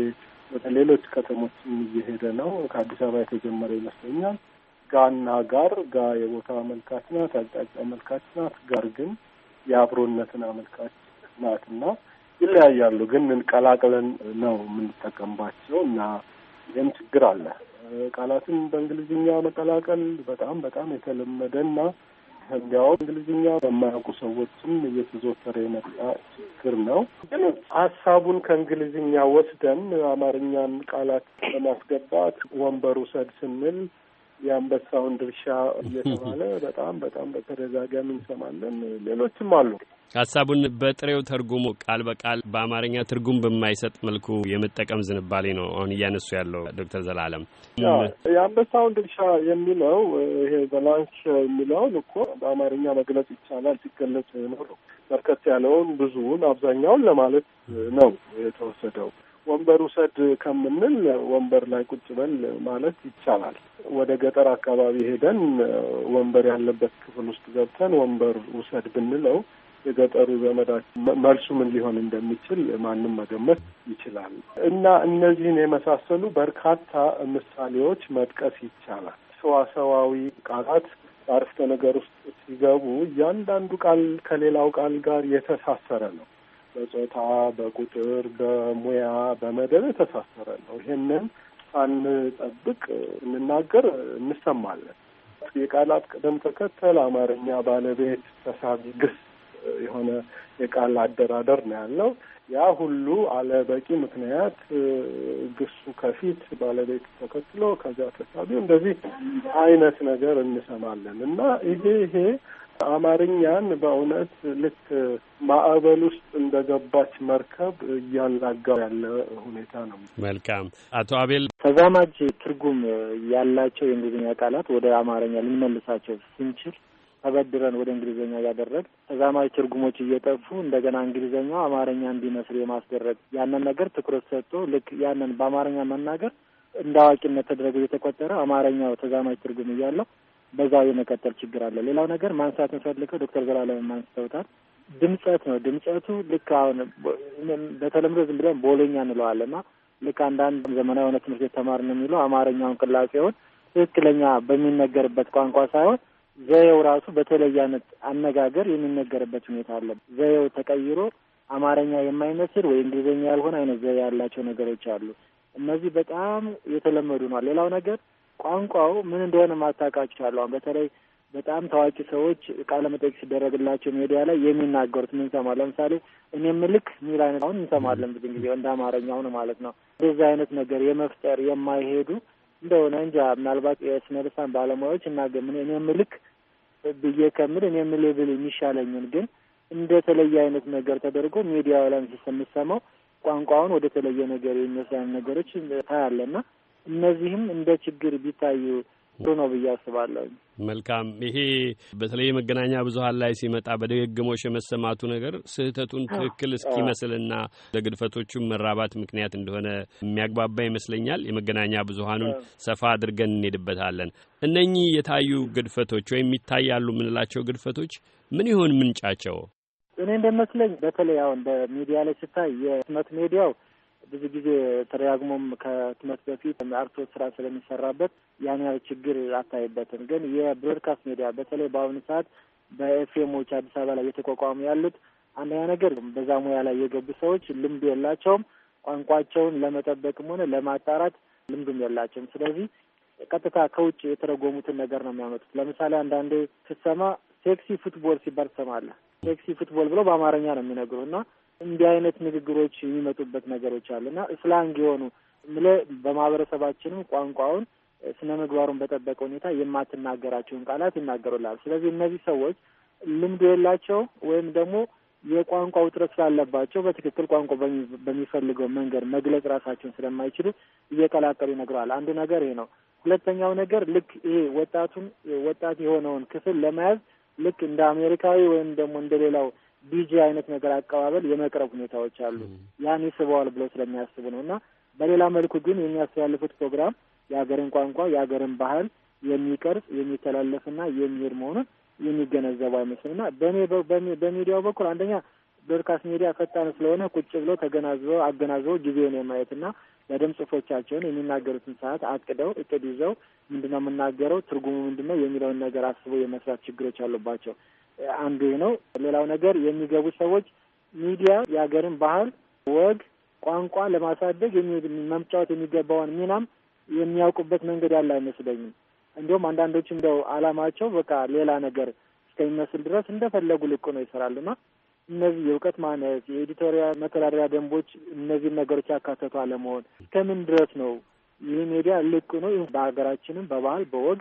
ወደ ሌሎች ከተሞችም እየሄደ ነው። ከአዲስ አበባ የተጀመረ ይመስለኛል። ጋና ጋር ጋ የቦታ አመልካች ናት፣ አቅጣጫ አመልካች ናት። ጋር ግን የአብሮነትን አመልካች ናትና ይለያያሉ፣ ግን ቀላቅለን ነው የምንጠቀምባቸው እና ይህም ችግር አለ። ቃላትን በእንግሊዝኛ መቀላቀል በጣም በጣም የተለመደና እንዲያውም እንግሊዝኛ በማያውቁ ሰዎችም እየተዘወተረ የመጣ ችግር ነው። ግን ሀሳቡን ከእንግሊዝኛ ወስደን አማርኛን ቃላት ለማስገባት ወንበሩ ሰድ ስንል የአንበሳውን ድርሻ እየተባለ በጣም በጣም በተደጋጋሚ እንሰማለን። ሌሎችም አሉ። ሀሳቡን በጥሬው ተርጉሙ ቃል በቃል በአማርኛ ትርጉም በማይሰጥ መልኩ የመጠቀም ዝንባሌ ነው አሁን እያነሱ ያለው ዶክተር ዘላለም። የአንበሳውን ድርሻ የሚለው ይሄ ዘላንች የሚለውን እኮ በአማርኛ መግለጽ ይቻላል። ሲገለጽ ነው በርከት ያለውን ብዙውን አብዛኛውን ለማለት ነው የተወሰደው። ወንበር ውሰድ ከምንል ወንበር ላይ ቁጭ በል ማለት ይቻላል። ወደ ገጠር አካባቢ ሄደን ወንበር ያለበት ክፍል ውስጥ ገብተን ወንበር ውሰድ ብንለው የገጠሩ ዘመዳች መልሱ ምን ሊሆን እንደሚችል ማንም መገመት ይችላል እና እነዚህን የመሳሰሉ በርካታ ምሳሌዎች መጥቀስ ይቻላል። ሰዋሰዋዊ ቃላት በአረፍተ ነገር ውስጥ ሲገቡ እያንዳንዱ ቃል ከሌላው ቃል ጋር የተሳሰረ ነው። በጾታ፣ በቁጥር፣ በሙያ፣ በመደብ የተሳሰረ ነው። ይሄንን ሳንጠብቅ እንናገር እንሰማለን። የቃላት ቅደም ተከተል አማርኛ ባለቤት፣ ተሳቢ፣ ግስ የሆነ የቃል አደራደር ነው ያለው። ያ ሁሉ አለበቂ ምክንያት ግሱ ከፊት ባለቤት ተከትሎ ከዚያ ተሳቢ እንደዚህ አይነት ነገር እንሰማለን እና ይሄ ይሄ አማርኛን በእውነት ልክ ማዕበል ውስጥ እንደገባች መርከብ እያላጋ ያለ ሁኔታ ነው። መልካም አቶ አቤል፣ ተዛማጅ ትርጉም ያላቸው የእንግሊዝኛ ቃላት ወደ አማርኛ ልንመልሳቸው ስንችል ተበድረን ወደ እንግሊዝኛ ያደረግ ተዛማጅ ትርጉሞች እየጠፉ እንደገና እንግሊዝኛው አማርኛ እንዲመስል የማስደረግ ያንን ነገር ትኩረት ሰጥቶ ልክ ያንን በአማርኛ መናገር እንደ አዋቂነት ተደረገ የተቆጠረ አማርኛው ተዛማጅ ትርጉም እያለው በዛው የመቀጠል ችግር አለ። ሌላው ነገር ማንሳት እንፈልገው ዶክተር ዘላለም ማንስተውታል ድምጸት ነው። ድምጸቱ ልክ አሁን በተለምዶ ዝም ብለን ቦሎኛ እንለዋለና ልክ አንዳንድ ዘመናዊ የሆነ ትምህርት ቤት ነው የሚለው አማርኛውን ቅላጼውን ትክክለኛ በሚነገርበት ቋንቋ ሳይሆን ዘየው ራሱ በተለየ አይነት አነጋገር የሚነገርበት ሁኔታ አለ። ዘየው ተቀይሮ አማርኛ የማይመስል ወይ እንግሊዝኛ ያልሆነ አይነት ዘዬ ያላቸው ነገሮች አሉ። እነዚህ በጣም የተለመዱ ነዋል። ሌላው ነገር ቋንቋው ምን እንደሆነ ማታውቃቸው አሁን በተለይ በጣም ታዋቂ ሰዎች ቃለ መጠይቅ ሲደረግላቸው ሜዲያ ላይ የሚናገሩት ምን እንሰማለን። ለምሳሌ እኔ ምልክ ሚል አይነት አሁን እንሰማለን ብዙ ጊዜ እንደ አማርኛ ሁን ማለት ነው። እንደዚህ አይነት ነገር የመፍጠር የማይሄዱ እንደሆነ እንጃ ምናልባት የስነ ልሳን ባለሙያዎች እና እኔ ምልክ ብዬ ከምል እኔም ሌብል የሚሻለኝን ግን እንደ ተለየ አይነት ነገር ተደርጎ ሚዲያው ላይ የምሰማው ቋንቋውን ወደ ተለየ ነገር የሚወስዳን ነገሮች ታያለና እነዚህም እንደ ችግር ቢታዩ ጥሩ ነው ብዬ አስባለሁ። መልካም። ይሄ በተለይ መገናኛ ብዙኃን ላይ ሲመጣ በድግግሞሽ የመሰማቱ ነገር ስህተቱን ትክክል እስኪመስልና ለግድፈቶቹም መራባት ምክንያት እንደሆነ የሚያግባባ ይመስለኛል። የመገናኛ ብዙኃኑን ሰፋ አድርገን እንሄድበታለን። እነኚህ የታዩ ግድፈቶች ወይም ይታያሉ የምንላቸው ግድፈቶች ምን ይሆን ምንጫቸው? እኔ እንደመስለኝ በተለይ አሁን በሚዲያ ላይ ስታይ የህትመት ሜዲያው ብዙ ጊዜ ተደጋግሞም ከህትመት በፊት አርትዖት ስራ ስለሚሰራበት ያን ያህል ችግር አታይበትም። ግን የብሮድካስት ሚዲያ በተለይ በአሁኑ ሰዓት በኤፍኤሞች አዲስ አበባ ላይ እየተቋቋሙ ያሉት አንደኛ ነገር በዛ ሙያ ላይ የገቡ ሰዎች ልምድ የላቸውም። ቋንቋቸውን ለመጠበቅም ሆነ ለማጣራት ልምዱም የላቸውም። ስለዚህ ቀጥታ ከውጭ የተረጎሙትን ነገር ነው የሚያመጡት። ለምሳሌ አንዳንዴ ስትሰማ ሴክሲ ፉትቦል ሲባል ትሰማለህ። ሴክሲ ፉትቦል ብለው በአማርኛ ነው የሚነግሩ እና እንዲህ አይነት ንግግሮች የሚመጡበት ነገሮች አሉ እና ስላንግ የሆኑ ምለ በማህበረሰባችንም ቋንቋውን ስነ ምግባሩን በጠበቀ ሁኔታ የማትናገራቸውን ቃላት ይናገሩላል። ስለዚህ እነዚህ ሰዎች ልምዱ የላቸው ወይም ደግሞ የቋንቋ ውጥረት ስላለባቸው በትክክል ቋንቋ በሚፈልገው መንገድ መግለጽ ራሳቸውን ስለማይችሉ እየቀላቀሉ ይነግረዋል። አንዱ ነገር ይሄ ነው። ሁለተኛው ነገር ልክ ይሄ ወጣቱን ወጣት የሆነውን ክፍል ለመያዝ ልክ እንደ አሜሪካዊ ወይም ደግሞ እንደ ሌላው ቢጂ አይነት ነገር አቀባበል የመቅረብ ሁኔታዎች አሉ። ያን ይስበዋል ብለው ስለሚያስቡ ነው እና በሌላ መልኩ ግን የሚያስተላልፉት ፕሮግራም የሀገርን ቋንቋ የሀገርን ባህል የሚቀርጽ የሚተላለፍና የሚሄድ መሆኑን የሚገነዘቡ አይመስልም እና በሚዲያው በኩል አንደኛ ብሮድካስት ሚዲያ ፈጣን ስለሆነ ቁጭ ብሎ ተገናዝበው አገናዝበው ጊዜውን የማየትና በደምብ ጽሁፎቻቸውን የሚናገሩትን ሰዓት አቅደው እቅድ ይዘው ምንድነው የምናገረው ትርጉሙ ምንድነው የሚለውን ነገር አስበው የመስራት ችግሮች አሉባቸው። አንዱ ነው። ሌላው ነገር የሚገቡ ሰዎች ሚዲያ የሀገርን ባህል፣ ወግ፣ ቋንቋ ለማሳደግ መምጫወት የሚገባውን ሚናም የሚያውቁበት መንገድ ያለ አይመስለኝም። እንዲሁም አንዳንዶች እንደው አላማቸው በቃ ሌላ ነገር እስከሚመስል ድረስ እንደፈለጉ ልቁ ነው ይሰራሉና እነዚህ የእውቀት ማነስ፣ የኤዲቶሪያል መተዳደሪያ ደንቦች እነዚህን ነገሮች ያካተቱ አለመሆን እስከምን ድረስ ነው ይህ ሚዲያ ልቅ ነው በሀገራችንም በባህል በወግ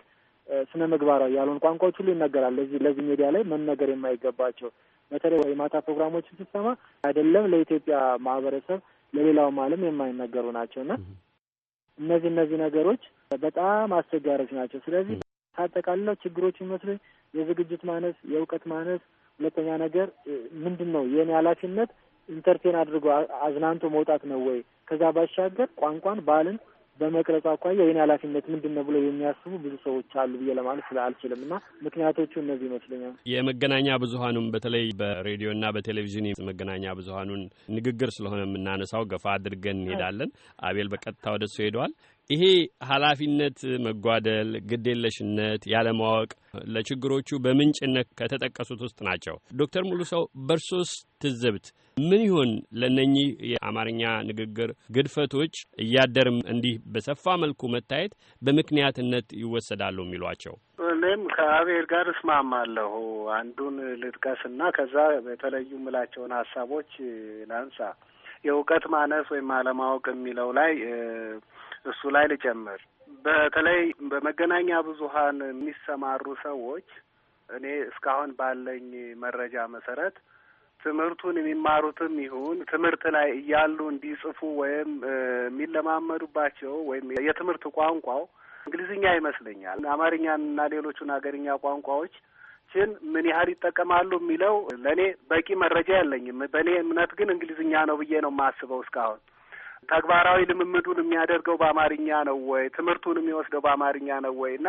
ስነ ምግባራዊ ያልሆን ቋንቋዎች ሁሉ ይነገራል። ለዚህ ለዚህ ሚዲያ ላይ መነገር የማይገባቸው በተለይ የማታ ፕሮግራሞችን ስትሰማ አይደለም ለኢትዮጵያ ማህበረሰብ ለሌላውም ዓለም የማይነገሩ ናቸው እና እነዚህ እነዚህ ነገሮች በጣም አስቸጋሪዎች ናቸው። ስለዚህ ታጠቃልለው ችግሮች ይመስሉ የዝግጅት ማነስ፣ የእውቀት ማነስ፣ ሁለተኛ ነገር ምንድን ነው የእኔ ኃላፊነት ኢንተርቴን አድርጎ አዝናንቶ መውጣት ነው ወይ? ከዛ ባሻገር ቋንቋን፣ ባህልን በመቅረጽ አኳያ የኔ ኃላፊነት ምንድን ነው ብለው የሚያስቡ ብዙ ሰዎች አሉ ብዬ ለማለት ስለ አልችልም እና ምክንያቶቹ እነዚህ ይመስለኛል። የመገናኛ ብዙሀኑን በተለይ በሬዲዮና በቴሌቪዥን መገናኛ ብዙሀኑን ንግግር ስለሆነ የምናነሳው ገፋ አድርገን እንሄዳለን። አቤል በቀጥታ ወደ እሱ ሄደዋል። ይሄ ኃላፊነት መጓደል፣ ግዴለሽነት፣ ያለማወቅ ለችግሮቹ በምንጭነት ከተጠቀሱት ውስጥ ናቸው። ዶክተር ሙሉ ሰው በእርሶስ ትዝብት ምን ይሁን ለእነኚህ የአማርኛ ንግግር ግድፈቶች እያደርም እንዲህ በሰፋ መልኩ መታየት በምክንያትነት ይወሰዳሉ የሚሏቸው? እኔም ከአቤል ጋር እስማማለሁ። አንዱን ልጥቀስና ከዛ የተለዩ ምላቸውን ሀሳቦች ላንሳ። የእውቀት ማነስ ወይም አለማወቅ የሚለው ላይ እሱ ላይ ልጨምር። በተለይ በመገናኛ ብዙኃን የሚሰማሩ ሰዎች እኔ እስካሁን ባለኝ መረጃ መሰረት ትምህርቱን የሚማሩትም ይሁን ትምህርት ላይ እያሉ እንዲጽፉ ወይም የሚለማመዱባቸው ወይም የትምህርት ቋንቋው እንግሊዝኛ ይመስለኛል። አማርኛንና ሌሎቹን ሀገርኛ ቋንቋዎች ችን ምን ያህል ይጠቀማሉ የሚለው ለእኔ በቂ መረጃ የለኝም። በእኔ እምነት ግን እንግሊዝኛ ነው ብዬ ነው የማስበው። እስካሁን ተግባራዊ ልምምዱን የሚያደርገው በአማርኛ ነው ወይ? ትምህርቱን የሚወስደው በአማርኛ ነው ወይ? እና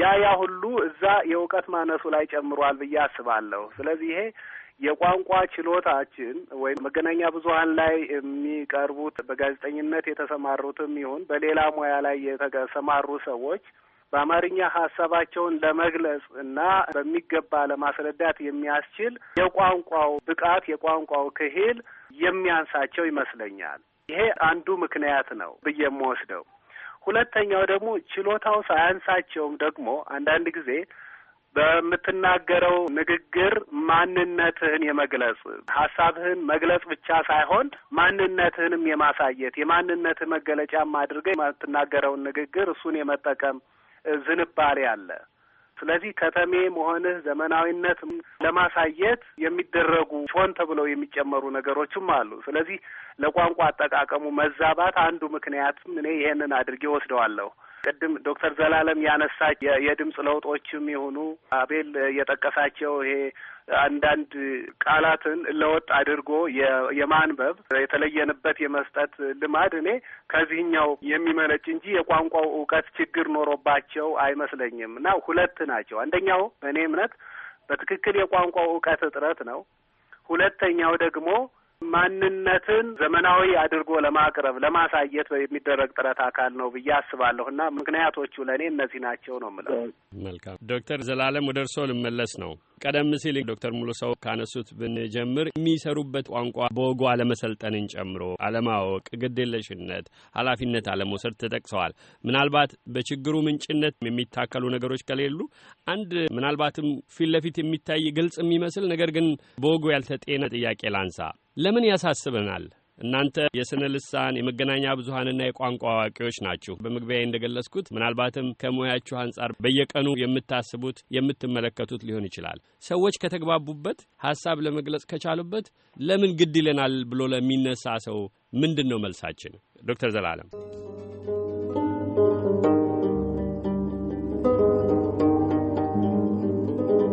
ያ ያ ሁሉ እዛ የእውቀት ማነሱ ላይ ጨምሯል ብዬ አስባለሁ። ስለዚህ ይሄ የቋንቋ ችሎታችን ወይም መገናኛ ብዙኃን ላይ የሚቀርቡት በጋዜጠኝነት የተሰማሩትም ይሁን በሌላ ሙያ ላይ የተሰማሩ ሰዎች በአማርኛ ሀሳባቸውን ለመግለጽ እና በሚገባ ለማስረዳት የሚያስችል የቋንቋው ብቃት የቋንቋው ክሂል የሚያንሳቸው ይመስለኛል። ይሄ አንዱ ምክንያት ነው ብዬ የምወስደው። ሁለተኛው ደግሞ ችሎታው ሳያንሳቸውም ደግሞ አንዳንድ ጊዜ በምትናገረው ንግግር ማንነትህን የመግለጽ ሀሳብህን መግለጽ ብቻ ሳይሆን ማንነትህንም የማሳየት የማንነትህ መገለጫም አድርገህ የምትናገረውን ንግግር እሱን የመጠቀም ዝንባሌ አለ። ስለዚህ ከተሜ መሆንህ ዘመናዊነት ለማሳየት የሚደረጉ ሆን ተብለው የሚጨመሩ ነገሮችም አሉ። ስለዚህ ለቋንቋ አጠቃቀሙ መዛባት አንዱ ምክንያትም እኔ ይሄንን አድርጌ ወስደዋለሁ። ቅድም ዶክተር ዘላለም ያነሳች የድምፅ ለውጦችም የሆኑ አቤል የጠቀሳቸው ይሄ አንዳንድ ቃላትን ለወጥ አድርጎ የማንበብ የተለየንበት የመስጠት ልማድ እኔ ከዚህኛው የሚመነጭ እንጂ የቋንቋው እውቀት ችግር ኖሮባቸው አይመስለኝም። እና ሁለት ናቸው። አንደኛው በእኔ እምነት በትክክል የቋንቋው እውቀት እጥረት ነው። ሁለተኛው ደግሞ ማንነትን ዘመናዊ አድርጎ ለማቅረብ ለማሳየት የሚደረግ ጥረት አካል ነው ብዬ አስባለሁ እና ምክንያቶቹ ለእኔ እነዚህ ናቸው ነው የምለው። መልካም ዶክተር ዘላለም ወደ እርስዎ ልመለስ ነው። ቀደም ሲል ዶክተር ሙሉ ሰው ካነሱት ብንጀምር የሚሰሩበት ቋንቋ በወጉ አለመሰልጠንን ጨምሮ አለማወቅ፣ ግዴለሽነት፣ ኃላፊነት አለመውሰድ ተጠቅሰዋል። ምናልባት በችግሩ ምንጭነት የሚታከሉ ነገሮች ከሌሉ አንድ ምናልባትም ፊት ለፊት የሚታይ ግልጽ የሚመስል ነገር ግን በወጉ ያልተጤነ ጥያቄ ላንሳ። ለምን ያሳስበናል? እናንተ የስነ ልሳን የመገናኛ ብዙሀንና የቋንቋ አዋቂዎች ናችሁ። በመግቢያ እንደገለጽኩት ምናልባትም ከሙያችሁ አንጻር በየቀኑ የምታስቡት የምትመለከቱት ሊሆን ይችላል። ሰዎች ከተግባቡበት፣ ሀሳብ ለመግለጽ ከቻሉበት ለምን ግድ ይለናል ብሎ ለሚነሳ ሰው ምንድን ነው መልሳችን? ዶክተር ዘላለም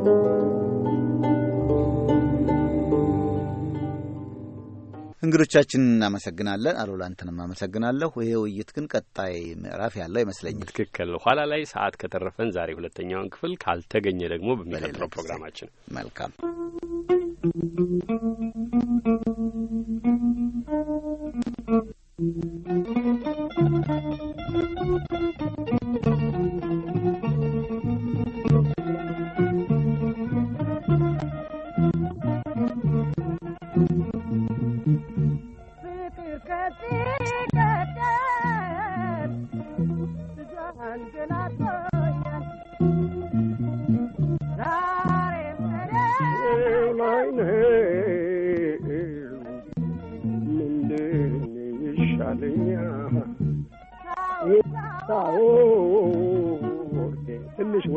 thank you እንግዶቻችንን እናመሰግናለን። አሉላ አንተንም አመሰግናለሁ። ይሄ ውይይት ግን ቀጣይ ምዕራፍ ያለው ይመስለኛል። ትክክል። ኋላ ላይ ሰዓት ከተረፈን ዛሬ ሁለተኛውን ክፍል ካልተገኘ ደግሞ በሚቀጥለው ፕሮግራማችን መልካም Thank you.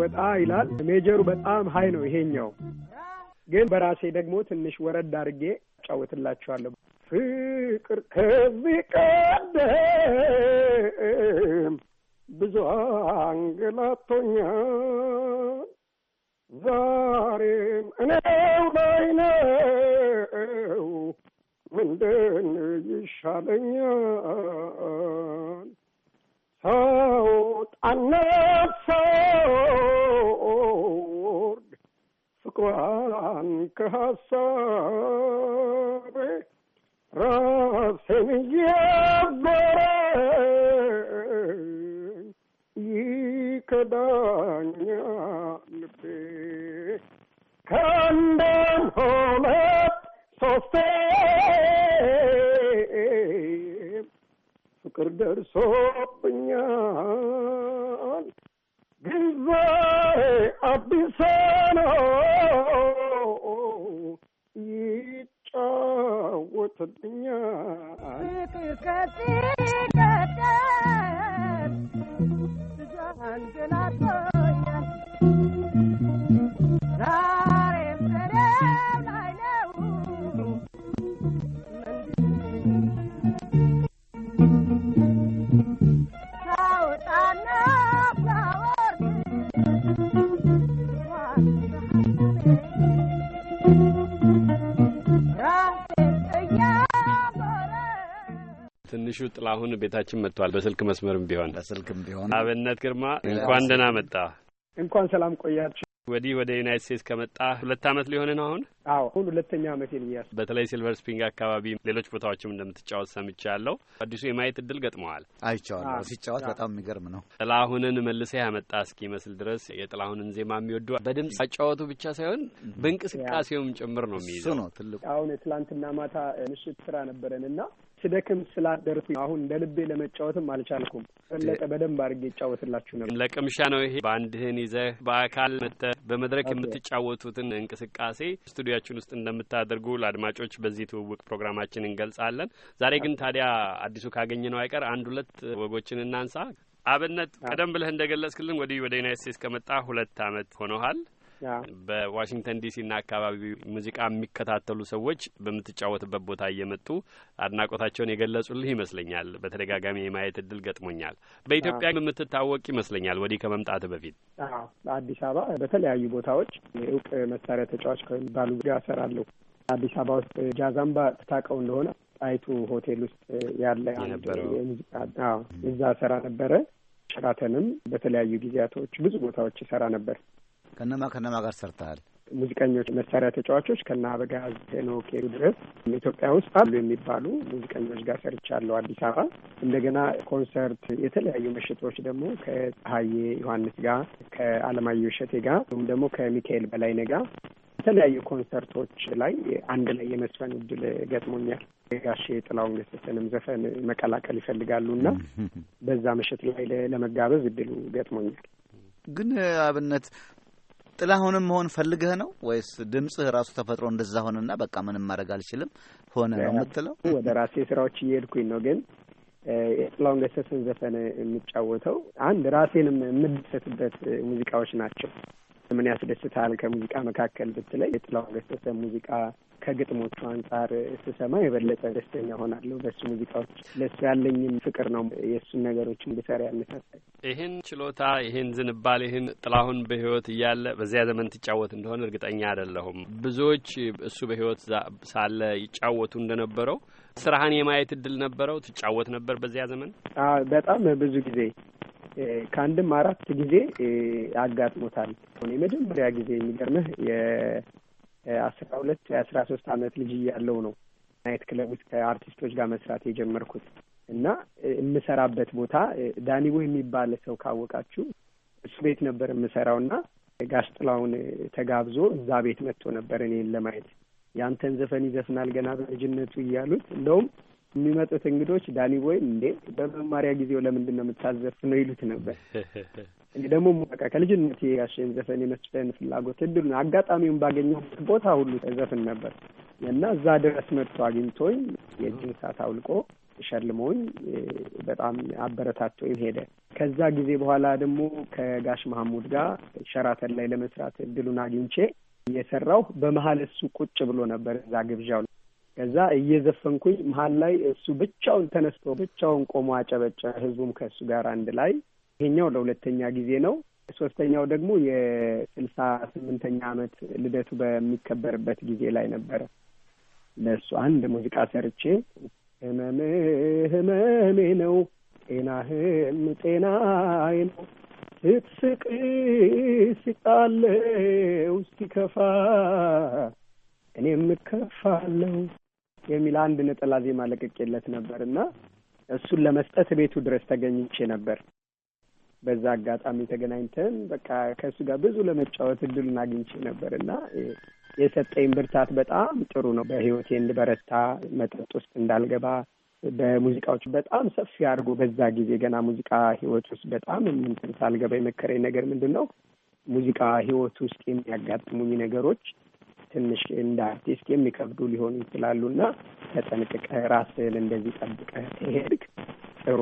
ወጣ ይላል። ሜጀሩ በጣም ሀይ ነው ይሄኛው። ግን በራሴ ደግሞ ትንሽ ወረድ አድርጌ ጫወትላችኋለሁ። ፍቅር ከዚህ ቀደም ብዙ አንገላቶኛል፣ ዛሬም እኔው ላይ ነው ምንድን ይሻለኛል ሰው አናሳውድ ፍቅሯን ከሀሳቤ ራሴን እየጎረኝ ይከዳኛ ልቤ ከአንድም ሁለት ሶስቴ ፍቅር ደርሶብኛል Give abisano ita wata dunya. Kati kata jangan kenapa ya. ትንሹ ጥላሁን ቤታችን መጥቷል። በስልክ መስመርም ቢሆን በስልክም ቢሆን አብነት ግርማ እንኳን ደህና መጣ። እንኳን ሰላም ቆያችሁ። ወዲህ ወደ ዩናይት ስቴትስ ከመጣ ሁለት አመት ሊሆን ነው አሁን። አዎ አሁን ሁለተኛ አመት ልያስ። በተለይ ሲልቨር ስፕሪንግ አካባቢ ሌሎች ቦታዎችም እንደምትጫወት ሰምቻ ያለው አዲሱ የማየት እድል ገጥመዋል። አይቼዋለሁ። ሲጫወት በጣም የሚገርም ነው። ጥላሁንን መልሰ ያመጣ እስኪ መስል ድረስ የጥላሁንን ዜማ የሚወዱ በድምጽ አጫወቱ ብቻ ሳይሆን በእንቅስቃሴውም ጭምር ነው የሚይዘው። ነው ትልቁ። አሁን የትላንትና ማታ ምሽት ስራ ነበረን እና ስደክም ስላደርኩኝ አሁን እንደ ልቤ ለመጫወትም አልቻልኩም። በለጠ በደንብ አድርጌ ይጫወትላችሁ ነበር። ለቅምሻ ነው ይሄ። በአንድህን ይዘህ በአካል መጥተህ በመድረክ የምትጫወቱትን እንቅስቃሴ ስቱዲያችን ውስጥ እንደምታደርጉ ለአድማጮች በዚህ ትውውቅ ፕሮግራማችን እንገልጻለን። ዛሬ ግን ታዲያ አዲሱ ካገኘ ነው አይቀር አንድ ሁለት ወጎችን እናንሳ። አብነት ቀደም ብለህ እንደገለጽክልን ወዲህ ወደ ዩናይት ስቴትስ ከመጣ ሁለት አመት ሆነሃል። በዋሽንግተን ዲሲና አካባቢ ሙዚቃ የሚከታተሉ ሰዎች በምትጫወትበት ቦታ እየመጡ አድናቆታቸውን የገለጹልህ ይመስለኛል። በተደጋጋሚ የማየት እድል ገጥሞኛል። በኢትዮጵያ የምትታወቅ ይመስለኛል። ወዲህ ከመምጣት በፊት አዲስ አበባ በተለያዩ ቦታዎች እውቅ መሳሪያ ተጫዋች ከሚባሉ ጋር እሰራለሁ። አዲስ አበባ ውስጥ ጃዛምባ ትታቀው እንደሆነ ጣይቱ ሆቴል ውስጥ ያለ እዛ ሰራ ነበረ። ሸራተንም በተለያዩ ጊዜያቶች ብዙ ቦታዎች ይሰራ ነበር። ከነማ ከነማ ጋር ሰርተሃል? ሙዚቀኞች፣ መሳሪያ ተጫዋቾች ከነ አበጋዝ ሄኖክ ድረስ ኢትዮጵያ ውስጥ አሉ የሚባሉ ሙዚቀኞች ጋር ሰርቻለሁ አዲስ አበባ። እንደገና ኮንሰርት፣ የተለያዩ ምሽቶች ደግሞ ከፀሐዬ ዮሐንስ ጋር ከአለማየሁ እሸቴ ጋር ወይም ደግሞ ከሚካኤል በላይ ነጋ የተለያዩ ኮንሰርቶች ላይ አንድ ላይ የመስፈን እድል ገጥሞኛል። ጋሼ ጥላሁን ገሰሰንም ዘፈን መቀላቀል ይፈልጋሉ እና በዛ ምሽት ላይ ለመጋበዝ እድሉ ገጥሞኛል። ግን አብነት ጥላሁንም መሆን ፈልገህ ነው ወይስ ድምጽህ ራሱ ተፈጥሮ እንደዛ ሆነና በቃ ምንም ማድረግ አልችልም ሆነ ነው የምትለው? ወደ ራሴ ስራዎች እየሄድኩኝ ነው ግን የጥላሁን ገሰሰን ዘፈን የምጫወተው አንድ ራሴንም የምደሰትበት ሙዚቃዎች ናቸው። ምን ያስደስታል ከሙዚቃ መካከል ብትለይ የጥላሁን ገሰሰ ሙዚቃ ከግጥሞቹ አንጻር ስሰማ የበለጠ ደስተኛ ሆናለሁ። በሱ ሙዚቃዎች ለሱ ያለኝን ፍቅር ነው የእሱን ነገሮች እንድሰራ ያነሳሳኝ። ይህን ችሎታ ይህን ዝንባል ይህን ጥላሁን በህይወት እያለ በዚያ ዘመን ትጫወት እንደሆነ እርግጠኛ አይደለሁም። ብዙዎች እሱ በህይወት ሳለ ይጫወቱ እንደነበረው ስራህን የማየት እድል ነበረው? ትጫወት ነበር በዚያ ዘመን? በጣም ብዙ ጊዜ ከአንድም አራት ጊዜ አጋጥሞታል። የመጀመሪያ ጊዜ የሚገርምህ አስራ ሁለት የአስራ ሶስት አመት ልጅ እያለው ነው ናይት ክለብ ውስጥ ከአርቲስቶች ጋር መስራት የጀመርኩት እና የምሰራበት ቦታ ዳኒቦ የሚባል ሰው ካወቃችሁ እሱ ቤት ነበር የምሰራው እና ጋስጥላውን ተጋብዞ እዛ ቤት መጥቶ ነበር እኔን ለማየት ያንተን ዘፈን ይዘፍናል ገና በልጅነቱ እያሉት እንደውም የሚመጡት እንግዶች ዳኒ እንዴ በመማሪያ ጊዜው ለምንድን ነው ነው ይሉት ነበር እኔ ደግሞ በቃ ከልጅነት የጋሼን ዘፈን የመስፈን ፍላጎት እድሉን አጋጣሚውን ባገኘሁበት ቦታ ሁሉ ዘፍን ነበር እና እዛ ድረስ መጥቶ አግኝቶኝ የእጅን ሰዓት አውልቆ ሸልሞኝ በጣም አበረታቶኝ ሄደ። ከዛ ጊዜ በኋላ ደግሞ ከጋሽ መሐሙድ ጋር ሸራተን ላይ ለመስራት እድሉን አግኝቼ የሰራው በመሀል እሱ ቁጭ ብሎ ነበር እዛ ግብዣው ከዛ እየዘፈንኩኝ መሀል ላይ እሱ ብቻውን ተነስቶ ብቻውን ቆሞ አጨበጨ። ህዝቡም ከእሱ ጋር አንድ ላይ ይሄኛው ለሁለተኛ ጊዜ ነው። ሶስተኛው ደግሞ የስልሳ ስምንተኛ ዓመት ልደቱ በሚከበርበት ጊዜ ላይ ነበረ። ለእሱ አንድ ሙዚቃ ሰርቼ ህመም ህመሜ ነው ጤናህም ጤናዬ ነው ስትስቅ ሲጣለው ሲከፋ እኔም እከፋለው የሚል አንድ ነጠላ ዜማ ለቅቄለት ነበር እና እሱን ለመስጠት ቤቱ ድረስ ተገኝቼ ነበር። በዛ አጋጣሚ ተገናኝተን በቃ ከእሱ ጋር ብዙ ለመጫወት እድሉን አግኝቼ ነበር እና የሰጠኝ ብርታት በጣም ጥሩ ነው። በህይወቴ እንድበረታ፣ መጠጥ ውስጥ እንዳልገባ በሙዚቃዎች በጣም ሰፊ አድርጎ በዛ ጊዜ ገና ሙዚቃ ህይወት ውስጥ በጣም እንትን ሳልገባ የመከረኝ ነገር ምንድን ነው ሙዚቃ ህይወት ውስጥ የሚያጋጥሙኝ ነገሮች ትንሽ እንደ አርቲስት የሚከብዱ ሊሆኑ ይችላሉና ተጠንቅቀህ ራስህን እንደዚህ ጠብቀህ ትሄድክ ጥሩ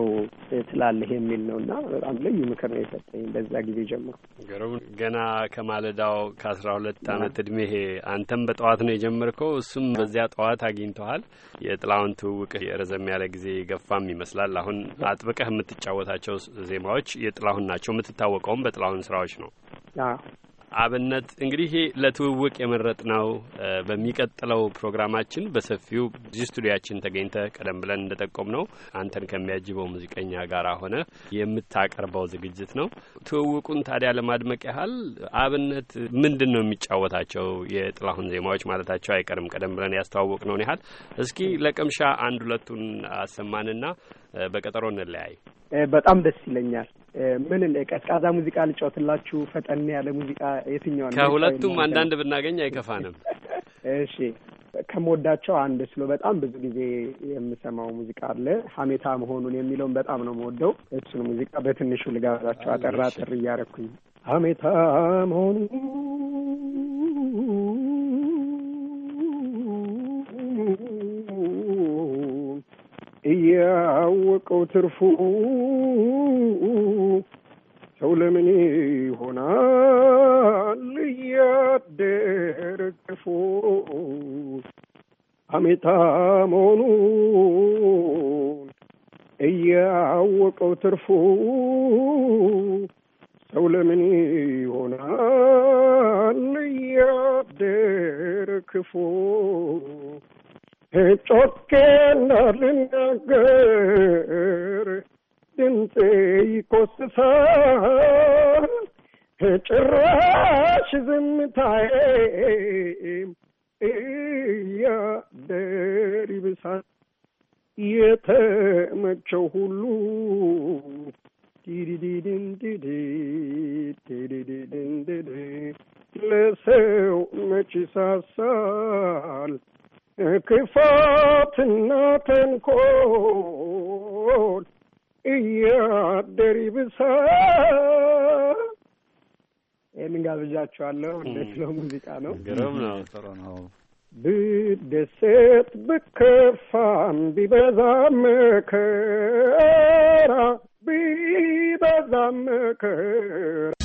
ትላለህ የሚል ነው እና በጣም ልዩ ምክር ነው የሰጠኝ በዛ ጊዜ ጀምሮ። ገሩም ገና ከማለዳው ከአስራ ሁለት አመት እድሜ አንተም በጠዋት ነው የጀመርከው፣ እሱም በዚያ ጠዋት አግኝተዋል። የጥላውን ትውውቅ የረዘም ያለ ጊዜ ገፋም ይመስላል። አሁን አጥብቀህ የምትጫወታቸው ዜማዎች የጥላሁን ናቸው። የምትታወቀውም በጥላሁን ስራዎች ነው። አብነት እንግዲህ ይሄ ለትውውቅ የመረጥ ነው። በሚቀጥለው ፕሮግራማችን በሰፊው እዚህ ስቱዲያችን ተገኝተ ቀደም ብለን እንደጠቆም ነው አንተን ከሚያጅበው ሙዚቀኛ ጋር ሆነ የምታቀርበው ዝግጅት ነው። ትውውቁን ታዲያ ለማድመቅ ያህል አብነት ምንድን ነው የሚጫወታቸው የጥላሁን ዜማዎች ማለታቸው አይቀርም። ቀደም ብለን ያስተዋወቅ ነውን ያህል እስኪ ለቅምሻ አንድ ሁለቱን አሰማንና በቀጠሮ እንለያይ። በጣም ደስ ይለኛል። ምን ቀዝቃዛ ሙዚቃ ልጫወትላችሁ? ፈጠን ያለ ሙዚቃ ነው? ከሁለቱም አንዳንድ ብናገኝ አይከፋንም። እሺ፣ ከምወዳቸው አንድ ስሎ በጣም ብዙ ጊዜ የምሰማው ሙዚቃ አለ። ሀሜታ መሆኑን የሚለውን በጣም ነው የምወደው። እሱን ሙዚቃ በትንሹ ልጋብዛቸው አጠራ አጥር እያረኩኝ ሀሜታ መሆኑ እያወቀው ትርፉ ሰው ለምን ይሆናል እያደረ ክፉ አሜታ መሆኑን እያወቀው ትርፉ ሰው ለምን ይሆናል እያደረ ክፉ ጮኬ ልናገር ድምፄ ይኮስሳል ጭራሽ ዝምታዬም እያደር ይብሳል የተመቸው ሁሉ ለሰው መች ይሳሳል ክፋትና ተንኮል እያደር ይብሳ ይህንን ጋብዣችኋለሁ። እንዴት ነው? ሙዚቃ ነው። ግሩም ነው። ጥሩ ነው። ብደሰት ብከፋም ቢበዛም መከራ ቢበዛም መከራ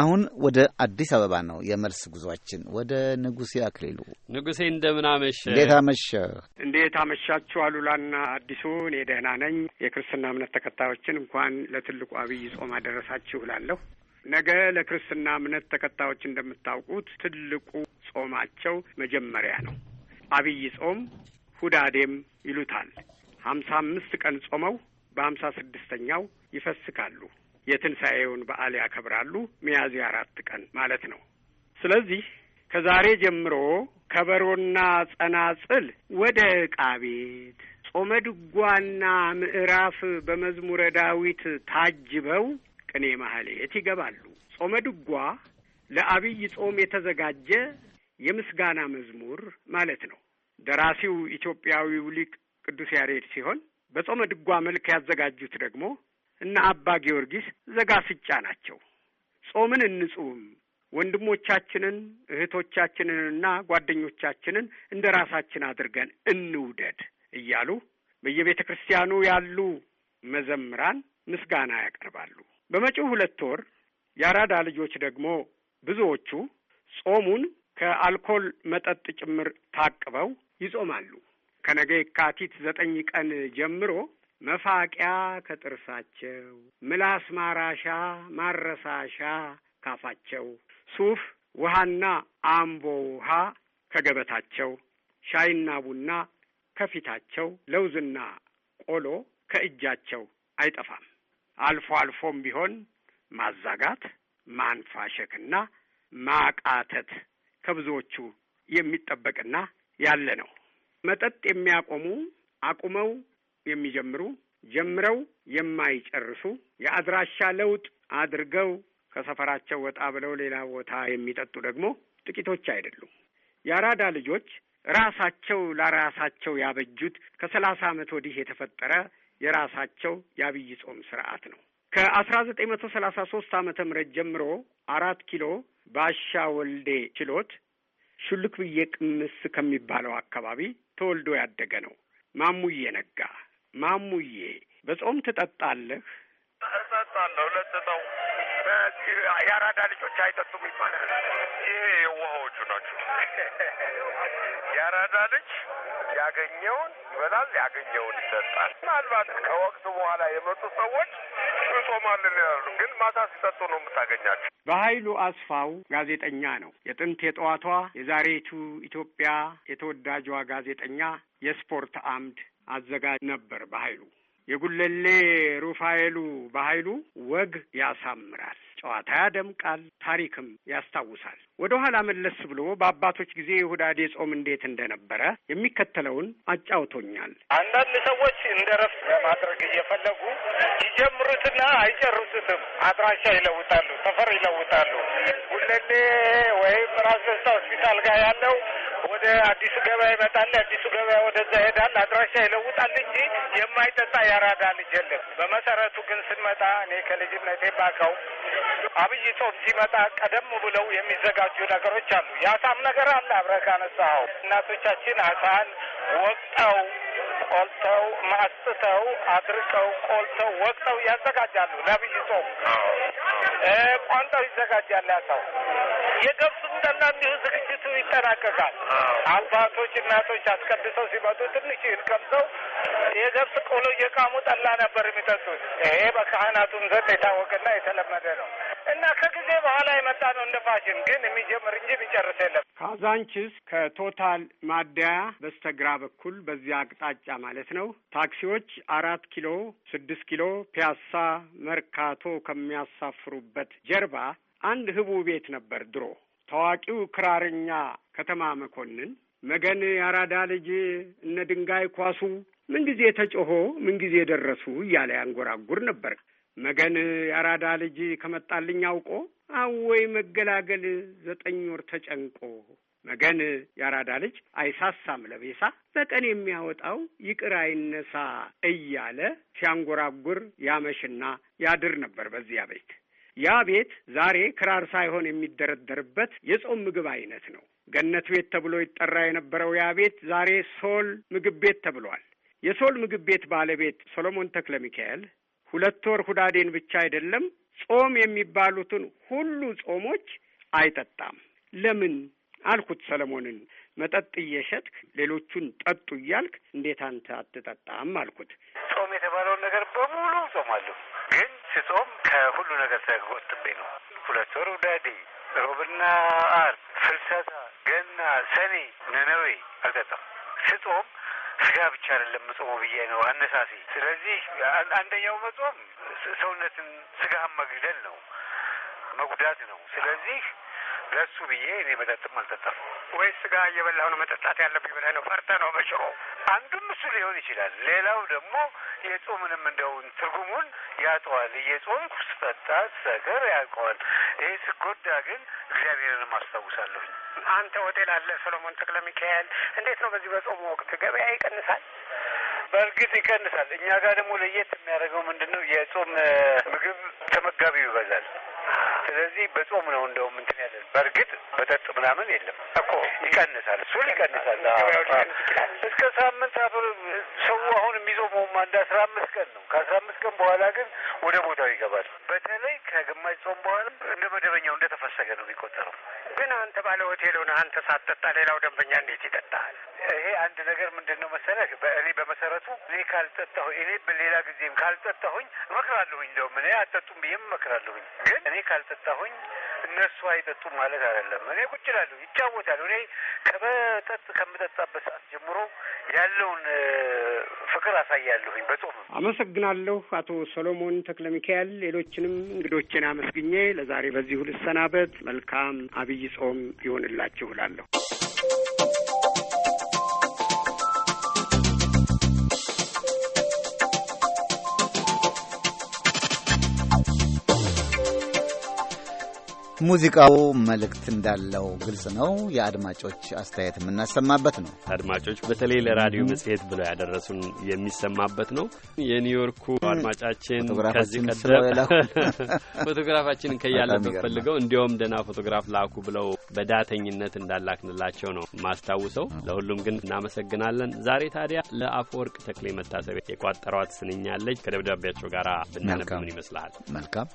አሁን ወደ አዲስ አበባ ነው የመልስ ጉዟችን። ወደ ንጉሴ አክሊሉ። ንጉሴ እንደምን አመሸ? እንዴት አመሸ? እንዴት አመሻችሁ አሉላና አዲሱ። እኔ ደህና ነኝ። የክርስትና እምነት ተከታዮችን እንኳን ለትልቁ አብይ ጾም አደረሳችሁ እላለሁ። ነገ ለክርስትና እምነት ተከታዮች እንደምታውቁት ትልቁ ጾማቸው መጀመሪያ ነው። አብይ ጾም ሁዳዴም ይሉታል። ሀምሳ አምስት ቀን ጾመው በሀምሳ ስድስተኛው ይፈስካሉ። የትንሣኤውን በዓል ያከብራሉ ሚያዝያ አራት ቀን ማለት ነው። ስለዚህ ከዛሬ ጀምሮ ከበሮና ጸናጽል ወደ ዕቃ ቤት ጾመ ድጓና ምዕራፍ በመዝሙረ ዳዊት ታጅበው ቅኔ ማህሌት ይገባሉ። ጾመ ድጓ ለአብይ ጾም የተዘጋጀ የምስጋና መዝሙር ማለት ነው። ደራሲው ኢትዮጵያዊው ሊቅ ቅዱስ ያሬድ ሲሆን በጾመ ድጓ መልክ ያዘጋጁት ደግሞ እና አባ ጊዮርጊስ ዘጋስጫ ናቸው። ጾምን እንጹም፣ ወንድሞቻችንን እህቶቻችንንና ጓደኞቻችንን እንደ ራሳችን አድርገን እንውደድ እያሉ በየቤተ ክርስቲያኑ ያሉ መዘምራን ምስጋና ያቀርባሉ። በመጪው ሁለት ወር የአራዳ ልጆች ደግሞ ብዙዎቹ ጾሙን ከአልኮል መጠጥ ጭምር ታቅበው ይጾማሉ። ከነገ የካቲት ዘጠኝ ቀን ጀምሮ መፋቂያ ከጥርሳቸው፣ ምላስ ማራሻ ማረሳሻ ካፋቸው፣ ሱፍ ውሃና አምቦ ውሃ ከገበታቸው፣ ሻይና ቡና ከፊታቸው፣ ለውዝና ቆሎ ከእጃቸው አይጠፋም። አልፎ አልፎም ቢሆን ማዛጋት ማንፋሸክና ማቃተት ከብዙዎቹ የሚጠበቅና ያለ ነው። መጠጥ የሚያቆሙ አቁመው የሚጀምሩ ጀምረው የማይጨርሱ የአድራሻ ለውጥ አድርገው ከሰፈራቸው ወጣ ብለው ሌላ ቦታ የሚጠጡ ደግሞ ጥቂቶች አይደሉም። የአራዳ ልጆች ራሳቸው ለራሳቸው ያበጁት ከሰላሳ ዓመት ወዲህ የተፈጠረ የራሳቸው የአብይ ጾም ስርዓት ነው። ከአስራ ዘጠኝ መቶ ሰላሳ ሶስት ዓመተ ምህረት ጀምሮ አራት ኪሎ ባሻ ወልዴ ችሎት ሹልክ ብዬ ቅምስ ከሚባለው አካባቢ ተወልዶ ያደገ ነው። ማሙዬ ነጋ ማሙዬ በጾም ትጠጣለህ? እጠጣለሁ። ለጥጠው የአራዳ ልጆች አይጠጡም ይባላል። ይሄ የዋሆቹ ናቸው። የአራዳ ልጅ ያገኘውን ይበላል፣ ያገኘውን ይጠጣል። ምናልባት ከወቅቱ በኋላ የመጡ ሰዎች ጾማልን ያሉ ግን ማታ ሲጠጡ ነው የምታገኛቸው። በኃይሉ አስፋው ጋዜጠኛ ነው። የጥንት የጠዋቷ የዛሬቱ ኢትዮጵያ የተወዳጇ ጋዜጠኛ የስፖርት አምድ አዘጋጅ ነበር በኃይሉ። የጉለሌ ሩፋኤሉ በኃይሉ ወግ ያሳምራል፣ ጨዋታ ያደምቃል፣ ታሪክም ያስታውሳል። ወደ ኋላ መለስ ብሎ በአባቶች ጊዜ የሁዳዴ ጾም እንዴት እንደነበረ የሚከተለውን አጫውቶኛል። አንዳንድ ሰዎች እንደ ረፍት ለማድረግ እየፈለጉ ይጀምሩትና አይጨርሱትም። አድራሻ ይለውጣሉ፣ ሰፈር ይለውጣሉ። ጉለሌ ወይም ራስ ደስታ ሆስፒታል ጋር ያለው ወደ አዲሱ ገበያ ይመጣል። አዲሱ ገበያ ወደዛ ይሄዳል፣ አድራሻ ይለውጣል እንጂ የማይጠጣ ያራዳ ልጅ የለም። በመሰረቱ ግን ስንመጣ እኔ ከልጅነቴ ባካው አብይ ጾም ሲመጣ ቀደም ብለው የሚዘጋጁ ነገሮች አሉ። የአሳም ነገር አለ አብረህ ካነሳኸው እናቶቻችን አሳን ወቅጠው ቆልተው ማስጥተው አድርቀው ቆልተው ወቅጠው ያዘጋጃሉ ለብይ ጾም ቋንጣው ይዘጋጃል። ያሳው የገብሱ ጠላ እንዲሁ ዝግጅቱ ይጠናቀቃል። አባቶች እናቶች አስቀድሰው ሲመጡ ትንሽ ይህን ቀምሰው የገብስ ቆሎ እየቃሙ ጠላ ነበር የሚጠጡት። ይሄ በካህናቱም ዘንድ የታወቀና የተለመደ ነው እና ከጊዜ በኋላ የመጣ ነው እንደ ፋሽን። ግን የሚጀምር እንጂ የሚጨርስ የለም። ካዛንችስ ከቶታል ማደያ በስተግራ በኩል በዚያ አቅጣጫ ማለት ነው ታክሲዎች አራት ኪሎ፣ ስድስት ኪሎ፣ ፒያሳ፣ መርካቶ ከሚያሳፍሩበት ጀርባ አንድ ህቡ ቤት ነበር ድሮ ታዋቂው ክራርኛ ከተማ መኮንን መገን የአራዳ ልጅ እነ ድንጋይ ኳሱ ምንጊዜ ተጮሆ ምንጊዜ ደረሱ እያለ ያንጎራጉር ነበር። መገን የአራዳ ልጅ ከመጣልኝ አውቆ አወይ መገላገል ዘጠኝ ወር ተጨንቆ መገን የአራዳ ልጅ አይሳሳም ለቤሳ በቀን የሚያወጣው ይቅር አይነሳ እያለ ሲያንጎራጉር ያመሽና ያድር ነበር በዚያ ቤት። ያ ቤት ዛሬ ክራር ሳይሆን የሚደረደርበት የጾም ምግብ አይነት ነው። ገነት ቤት ተብሎ ይጠራ የነበረው ያ ቤት ዛሬ ሶል ምግብ ቤት ተብሏል። የሶል ምግብ ቤት ባለቤት ሶሎሞን ተክለ ሚካኤል ሁለት ወር ሁዳዴን ብቻ አይደለም ጾም የሚባሉትን ሁሉ ጾሞች አይጠጣም። ለምን አልኩት ሰለሞንን። መጠጥ እየሸጥክ ሌሎቹን ጠጡ እያልክ እንዴት አንተ አትጠጣም? አልኩት። ጾም የተባለውን ነገር በሙሉ ጾማለሁ፣ ግን ስጾም ከሁሉ ነገር ሳይጎትብኝ ነው። ሁለት ወር ውዳዴ፣ ሮብና አር ፍልሰታ፣ ገና፣ ሰኔ፣ ነነዌ አልገጠም ስጦም ስጋ ብቻ አይደለም ምጾመው ብዬ ነው አነሳሴ። ስለዚህ አንደኛው መጾም ሰውነትን ስጋህን መግደል ነው፣ መጉዳት ነው። ስለዚህ ለሱ ብዬ እኔ መጠጥም አልጠጣም። ወይ ስጋ እየበላሁ ነው መጠጣት ያለብኝ ብለህ ነው ፈርተህ ነው በሽሮ። አንዱም እሱ ሊሆን ይችላል። ሌላው ደግሞ የጾምንም እንደውን ትርጉሙን ያጠዋል። እየጾምኩ ስጠጣ ስሰክር ያውቀዋል። ይህ ስጎዳ ግን እግዚአብሔርን ማስታውሳለሁ። አንተ ሆቴል አለ ሰሎሞን ተክለ ሚካኤል፣ እንዴት ነው በዚህ በጾሙ ወቅት ገበያ ይቀንሳል? በእርግጥ ይቀንሳል። እኛ ጋር ደግሞ ለየት የሚያደርገው ምንድን ነው? የጾም ምግብ ተመጋቢው ይበዛል። ስለዚህ በጾም ነው እንደውም እንትን ያለን። በእርግጥ መጠጥ ምናምን የለም እኮ ይቀንሳል፣ እሱን ይቀንሳል እስከ ሳምንት አብር ሰው አሁን የሚጾመውም አንድ አስራ አምስት ቀን ነው። ከአስራ አምስት ቀን በኋላ ግን ወደ ቦታው ይገባል። በተለይ ከግማሽ ጾም በኋላ እንደ መደበኛው እንደተፈሰገ ነው የሚቆጠረው። ግን አንተ ባለ ሆቴል ሆነ አንተ ሳትጠጣ ሌላው ደንበኛ እንዴት ይጠጣል? ይሄ አንድ ነገር ምንድን ነው መሰለህ፣ እኔ በመሰረቱ እኔ ካልጠጣሁ እኔ በሌላ ጊዜም ካልጠጣሁኝ እመክራለሁኝ። እንደውም እኔ አጠጡም ብዬም እመክራለሁኝ። ግን እኔ ካልጠጣሁኝ እነሱ አይጠጡም ማለት አይደለም። እኔ ቁጭ እላለሁ፣ ይጫወታሉ። እኔ ከመጠጥ ከምጠጣበት ሰዓት ጀምሮ ያለውን ፍቅር አሳያለሁኝ በጾም። አመሰግናለሁ አቶ ሰሎሞን ተክለ ሚካኤል። ሌሎችንም እንግዶችን አመስግኜ ለዛሬ በዚሁ ልሰናበት። መልካም አብይ ጾም ይሆንላችሁ እላለሁ። ሙዚቃው መልእክት እንዳለው ግልጽ ነው። የአድማጮች አስተያየት የምናሰማበት ነው። አድማጮች በተለይ ለራዲዮ መጽሔት ብለው ያደረሱን የሚሰማበት ነው። የኒውዮርኩ አድማጫችን ከዚህ ቀደም ፎቶግራፋችንን ከያለበት ፈልገው እንዲያውም ደህና ፎቶግራፍ ላኩ ብለው በዳተኝነት እንዳላክንላቸው ነው ማስታውሰው። ለሁሉም ግን እናመሰግናለን። ዛሬ ታዲያ ለአፈወርቅ ተክሌ መታሰቢያ የቋጠሯት ስንኛለች ከደብዳቤያቸው ጋር ብናነብ ምን ይመስልሃል? መልካም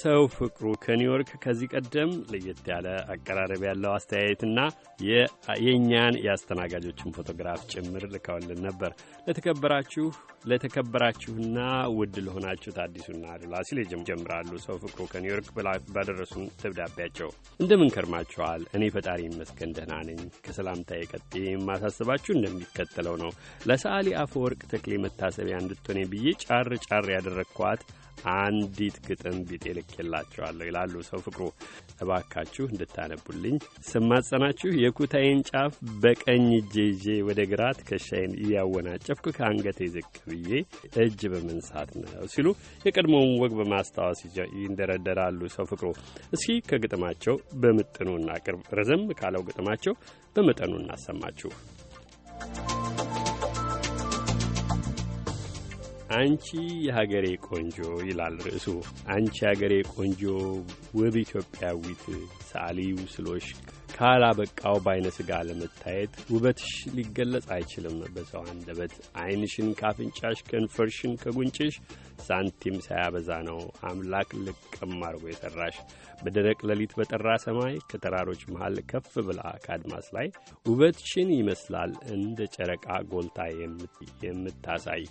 ሰው ፍቅሩ ከኒውዮርክ ከዚህ ቀደም ለየት ያለ አቀራረብ ያለው አስተያየትና የእኛን የአስተናጋጆችን ፎቶግራፍ ጭምር ልከውልን ነበር። ለተከበራችሁ ለተከበራችሁና ውድ ለሆናችሁት አዲሱና አሉላ ሲል ይጀምራሉ። ሰው ፍቅሩ ከኒውዮርክ ባደረሱን ደብዳቤያቸው እንደምን ከርማችኋል? እኔ ፈጣሪ ይመስገን ደህና ነኝ። ከሰላምታ ቀጤ የማሳስባችሁ እንደሚከተለው ነው። ለሰዓሊ አፈወርቅ ተክሌ መታሰቢያ እንድትሆኔ ብዬ ጫር ጫር ያደረግኳት አንዲት ግጥም ቢጤ ልኬላችኋለሁ ይላሉ ሰው ፍቅሩ። እባካችሁ እንድታነቡልኝ ስማጸናችሁ የኩታዬን ጫፍ በቀኝ እጄ ይዤ ወደ ግራ ትከሻዬን እያወናጨፍኩ ከአንገቴ ዝቅ ብዬ እጅ በመንሳት ነው ሲሉ የቀድሞውን ወግ በማስታወስ ይንደረደራሉ ሰው ፍቅሩ። እስኪ ከግጥማቸው በምጥኑ እናቅርብ። ረዘም ካለው ግጥማቸው በመጠኑ እናሰማችሁ። አንቺ የሀገሬ ቆንጆ ይላል ርዕሱ። አንቺ የሀገሬ ቆንጆ ውብ ኢትዮጵያዊት፣ ሰዓሊው ስሎሽ ካላበቃው በአይነ ሥጋ ለመታየት ውበትሽ ሊገለጽ አይችልም በሰው አንደበት። አይንሽን ካፍንጫሽ፣ ከንፈርሽን ከጉንጭሽ ሳንቲም ሳያበዛ ነው አምላክ ልቅም አድርጎ የሰራሽ። በደረቅ ሌሊት በጠራ ሰማይ ከተራሮች መሃል ከፍ ብላ ከአድማስ ላይ ውበትሽን ይመስላል እንደ ጨረቃ ጎልታ የምታሳይ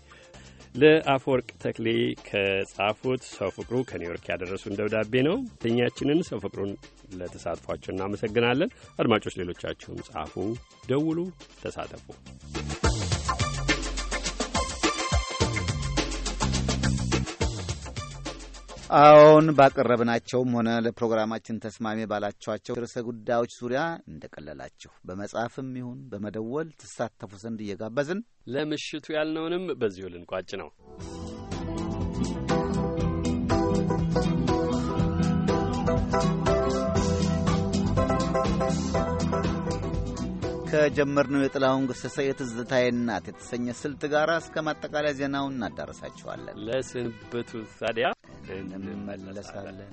ለአፈወርቅ ተክሌ ከጻፉት ሰው ፍቅሩ ከኒውዮርክ ያደረሱን ደብዳቤ ነው። ተኛችንን ሰው ፍቅሩን ለተሳትፏቸው እናመሰግናለን። አድማጮች ሌሎቻችሁም ጻፉ፣ ደውሉ፣ ተሳተፉ። አሁን ባቀረብናቸውም ሆነ ለፕሮግራማችን ተስማሚ ባላችኋቸው ርዕሰ ጉዳዮች ዙሪያ እንደቀለላችሁ በመጽሐፍም ይሁን በመደወል ትሳተፉ ዘንድ እየጋበዝን ለምሽቱ ያልነውንም በዚሁ ልንቋጭ ነው። ከጀመርነው የጥላሁን ገሰሰ የትዝታዬ እናት የተሰኘ ስልት ጋር እስከ ማጠቃለያ ዜናውን እናዳረሳችኋለን። ለስንብቱ ታዲያ المدرسة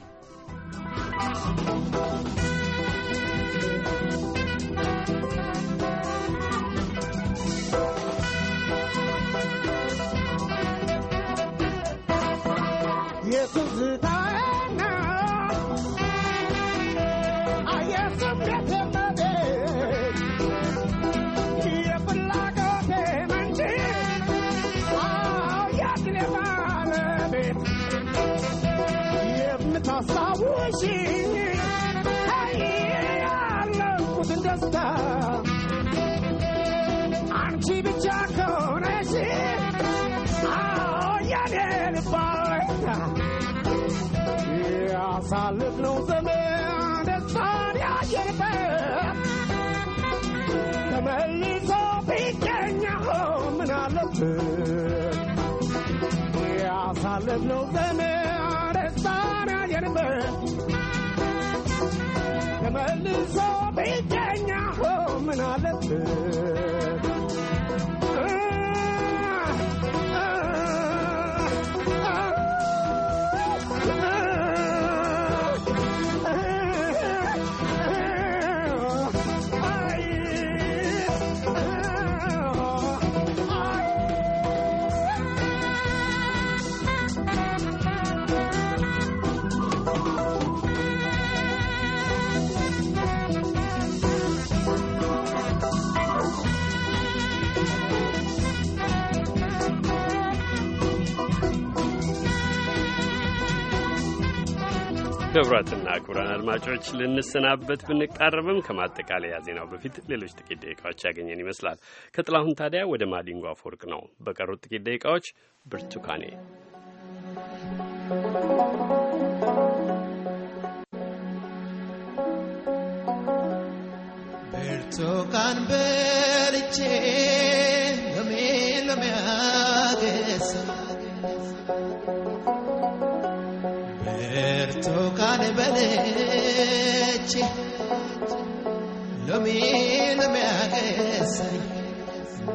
Johnson. ክቡራትና ክቡራን አድማጮች ልንሰናበት ብንቃረብም ከማጠቃለያ ዜናው በፊት ሌሎች ጥቂት ደቂቃዎች ያገኘን ይመስላል። ከጥላሁን ታዲያ ወደ ማዲንጎ አፈወርቅ ነው። በቀሩት ጥቂት ደቂቃዎች ብርቱካኔ ብርቱካን በልቼ ለሜ ለሚያገሳ ቶካን በለች ሎሚ ሎሚ ያገሰኝ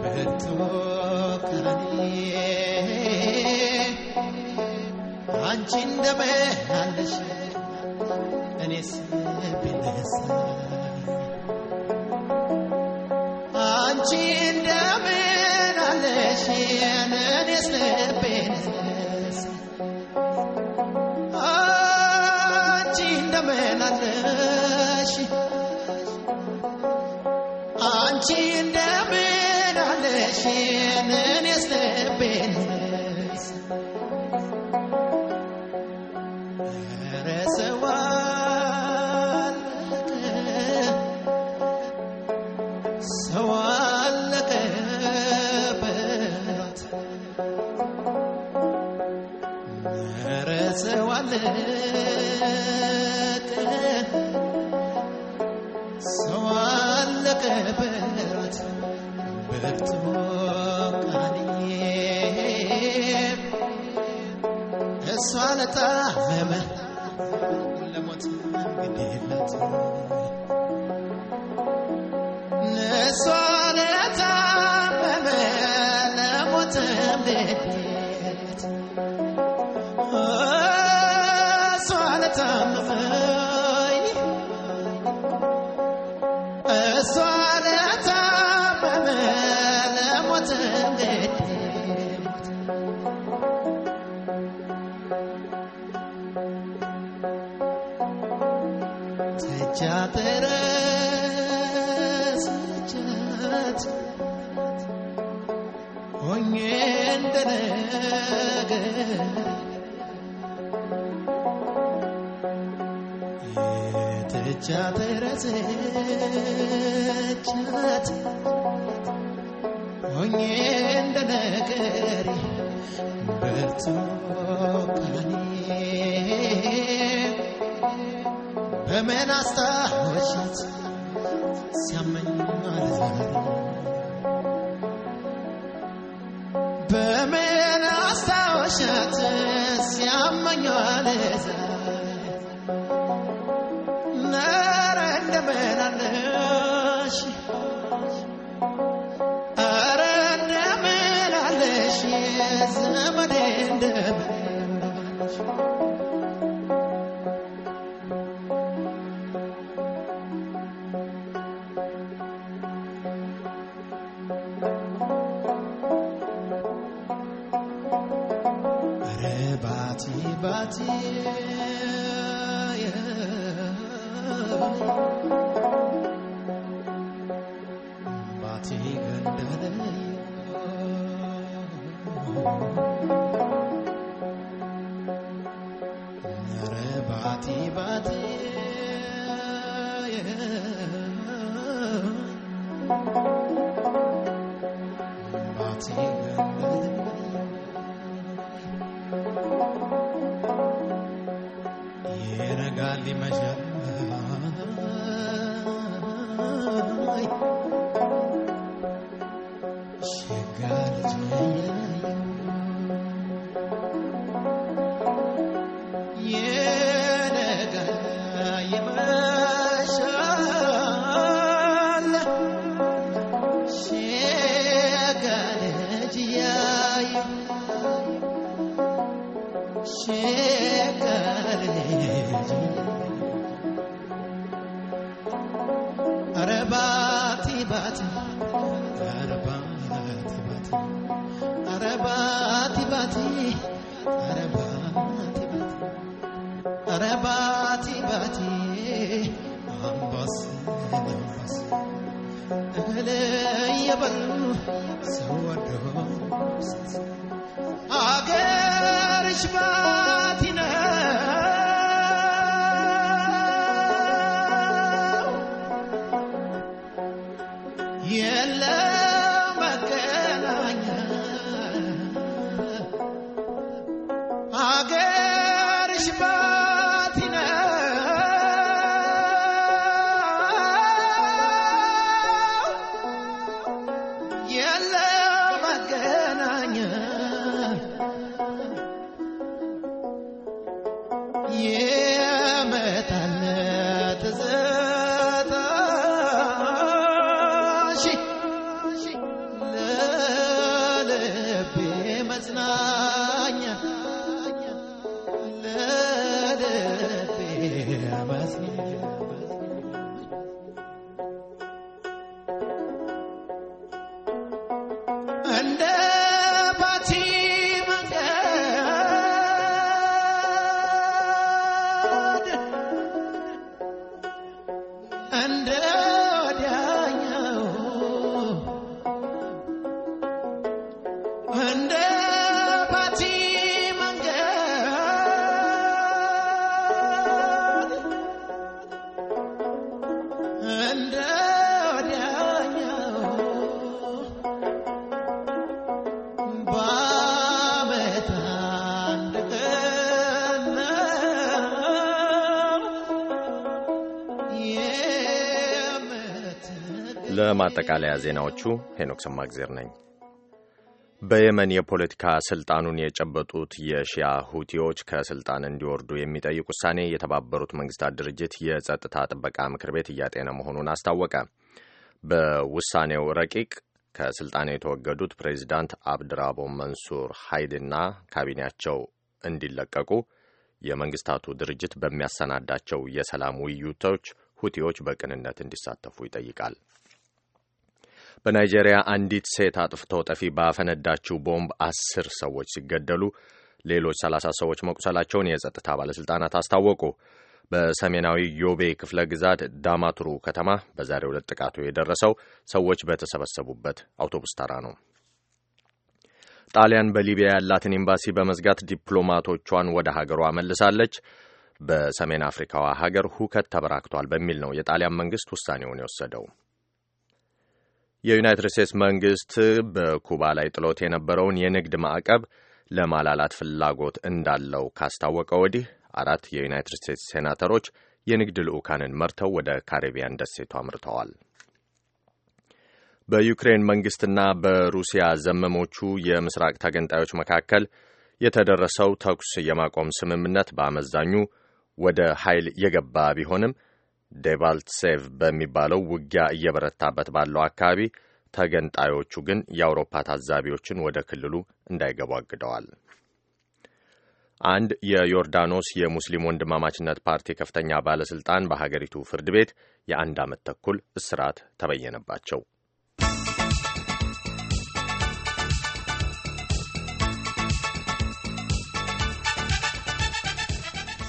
በቶካኔ አንቺ እንደመላለሽ እኔስ ብነሳ አንቺ እንደምናለሽ እኔስ አንቺ እንደምን አለሽ ምን የስልቤን ሆነስ ረሰዋለቀ ሰዋለቀበት ረሰዋለቀ እሷን ታመመ ለሞት ግዴለት እሷን ታመመ ለሞት ግዴለት እሷን ታመመ ቻተረሳቻት ሆኜ እንደነገር የተቻተረሰቻት ሆኜ እንደነገር በርቱ ካኔ ምዕመናን አስታወሻት to you. Amanhã significa. ለማጠቃለያ ዜናዎቹ ሄኖክ ሰማግዜር ነኝ። በየመን የፖለቲካ ስልጣኑን የጨበጡት የሺያ ሁቲዎች ከስልጣን እንዲወርዱ የሚጠይቅ ውሳኔ የተባበሩት መንግስታት ድርጅት የጸጥታ ጥበቃ ምክር ቤት እያጤነ መሆኑን አስታወቀ። በውሳኔው ረቂቅ ከስልጣን የተወገዱት ፕሬዚዳንት አብድራቦ መንሱር ሀይድና ካቢኔያቸው እንዲለቀቁ የመንግስታቱ ድርጅት በሚያሰናዳቸው የሰላም ውይይቶች ሁቲዎች በቅንነት እንዲሳተፉ ይጠይቃል። በናይጄሪያ አንዲት ሴት አጥፍቶ ጠፊ ባፈነዳችው ቦምብ አስር ሰዎች ሲገደሉ ሌሎች ሰላሳ ሰዎች መቁሰላቸውን የጸጥታ ባለሥልጣናት አስታወቁ። በሰሜናዊ ዮቤ ክፍለ ግዛት ዳማቱሩ ከተማ በዛሬው ዕለት ጥቃቱ የደረሰው ሰዎች በተሰበሰቡበት አውቶቡስ ተራ ነው። ጣሊያን በሊቢያ ያላትን ኤምባሲ በመዝጋት ዲፕሎማቶቿን ወደ ሀገሯ መልሳለች። በሰሜን አፍሪካዋ ሀገር ሁከት ተበራክቷል በሚል ነው የጣሊያን መንግሥት ውሳኔውን የወሰደው። የዩናይትድ ስቴትስ መንግስት በኩባ ላይ ጥሎት የነበረውን የንግድ ማዕቀብ ለማላላት ፍላጎት እንዳለው ካስታወቀ ወዲህ አራት የዩናይትድ ስቴትስ ሴናተሮች የንግድ ልዑካንን መርተው ወደ ካሪቢያን ደሴቱ አምርተዋል። በዩክሬን መንግስትና በሩሲያ ዘመሞቹ የምስራቅ ተገንጣዮች መካከል የተደረሰው ተኩስ የማቆም ስምምነት በአመዛኙ ወደ ኃይል የገባ ቢሆንም ዴቫልትሴቭ በሚባለው ውጊያ እየበረታበት ባለው አካባቢ ተገንጣዮቹ ግን የአውሮፓ ታዛቢዎችን ወደ ክልሉ እንዳይገቡ አግደዋል። አንድ የዮርዳኖስ የሙስሊም ወንድማማችነት ፓርቲ ከፍተኛ ባለሥልጣን በሀገሪቱ ፍርድ ቤት የአንድ ዓመት ተኩል እስራት ተበየነባቸው።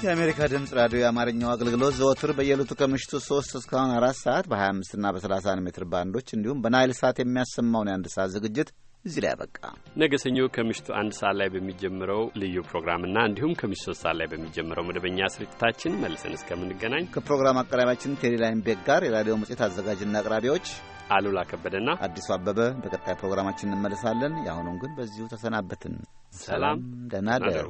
የአሜሪካ ድምፅ ራዲዮ የአማርኛው አገልግሎት ዘወትር በየዕለቱ ከምሽቱ 3 እስካሁን 4 ሰዓት በ25 እና በ31 ሜትር ባንዶች እንዲሁም በናይል ሰዓት የሚያሰማውን የአንድ ሰዓት ዝግጅት እዚህ ላይ ያበቃ። ነገ ሰኞ ከምሽቱ አንድ ሰዓት ላይ በሚጀምረው ልዩ ፕሮግራምና እንዲሁም ከምሽቱ 3 ሰዓት ላይ በሚጀምረው መደበኛ ስርጭታችን መልሰን እስከምንገናኝ ከፕሮግራም አቀራቢያችን ቴሌላይን ቤግ ጋር የራዲዮ መጽሔት አዘጋጅና አቅራቢዎች አሉላ ከበደና አዲሱ አበበ በቀጣይ ፕሮግራማችን እንመልሳለን። የአሁኑን ግን በዚሁ ተሰናበትን። ሰላም፣ ደህና ደሩ።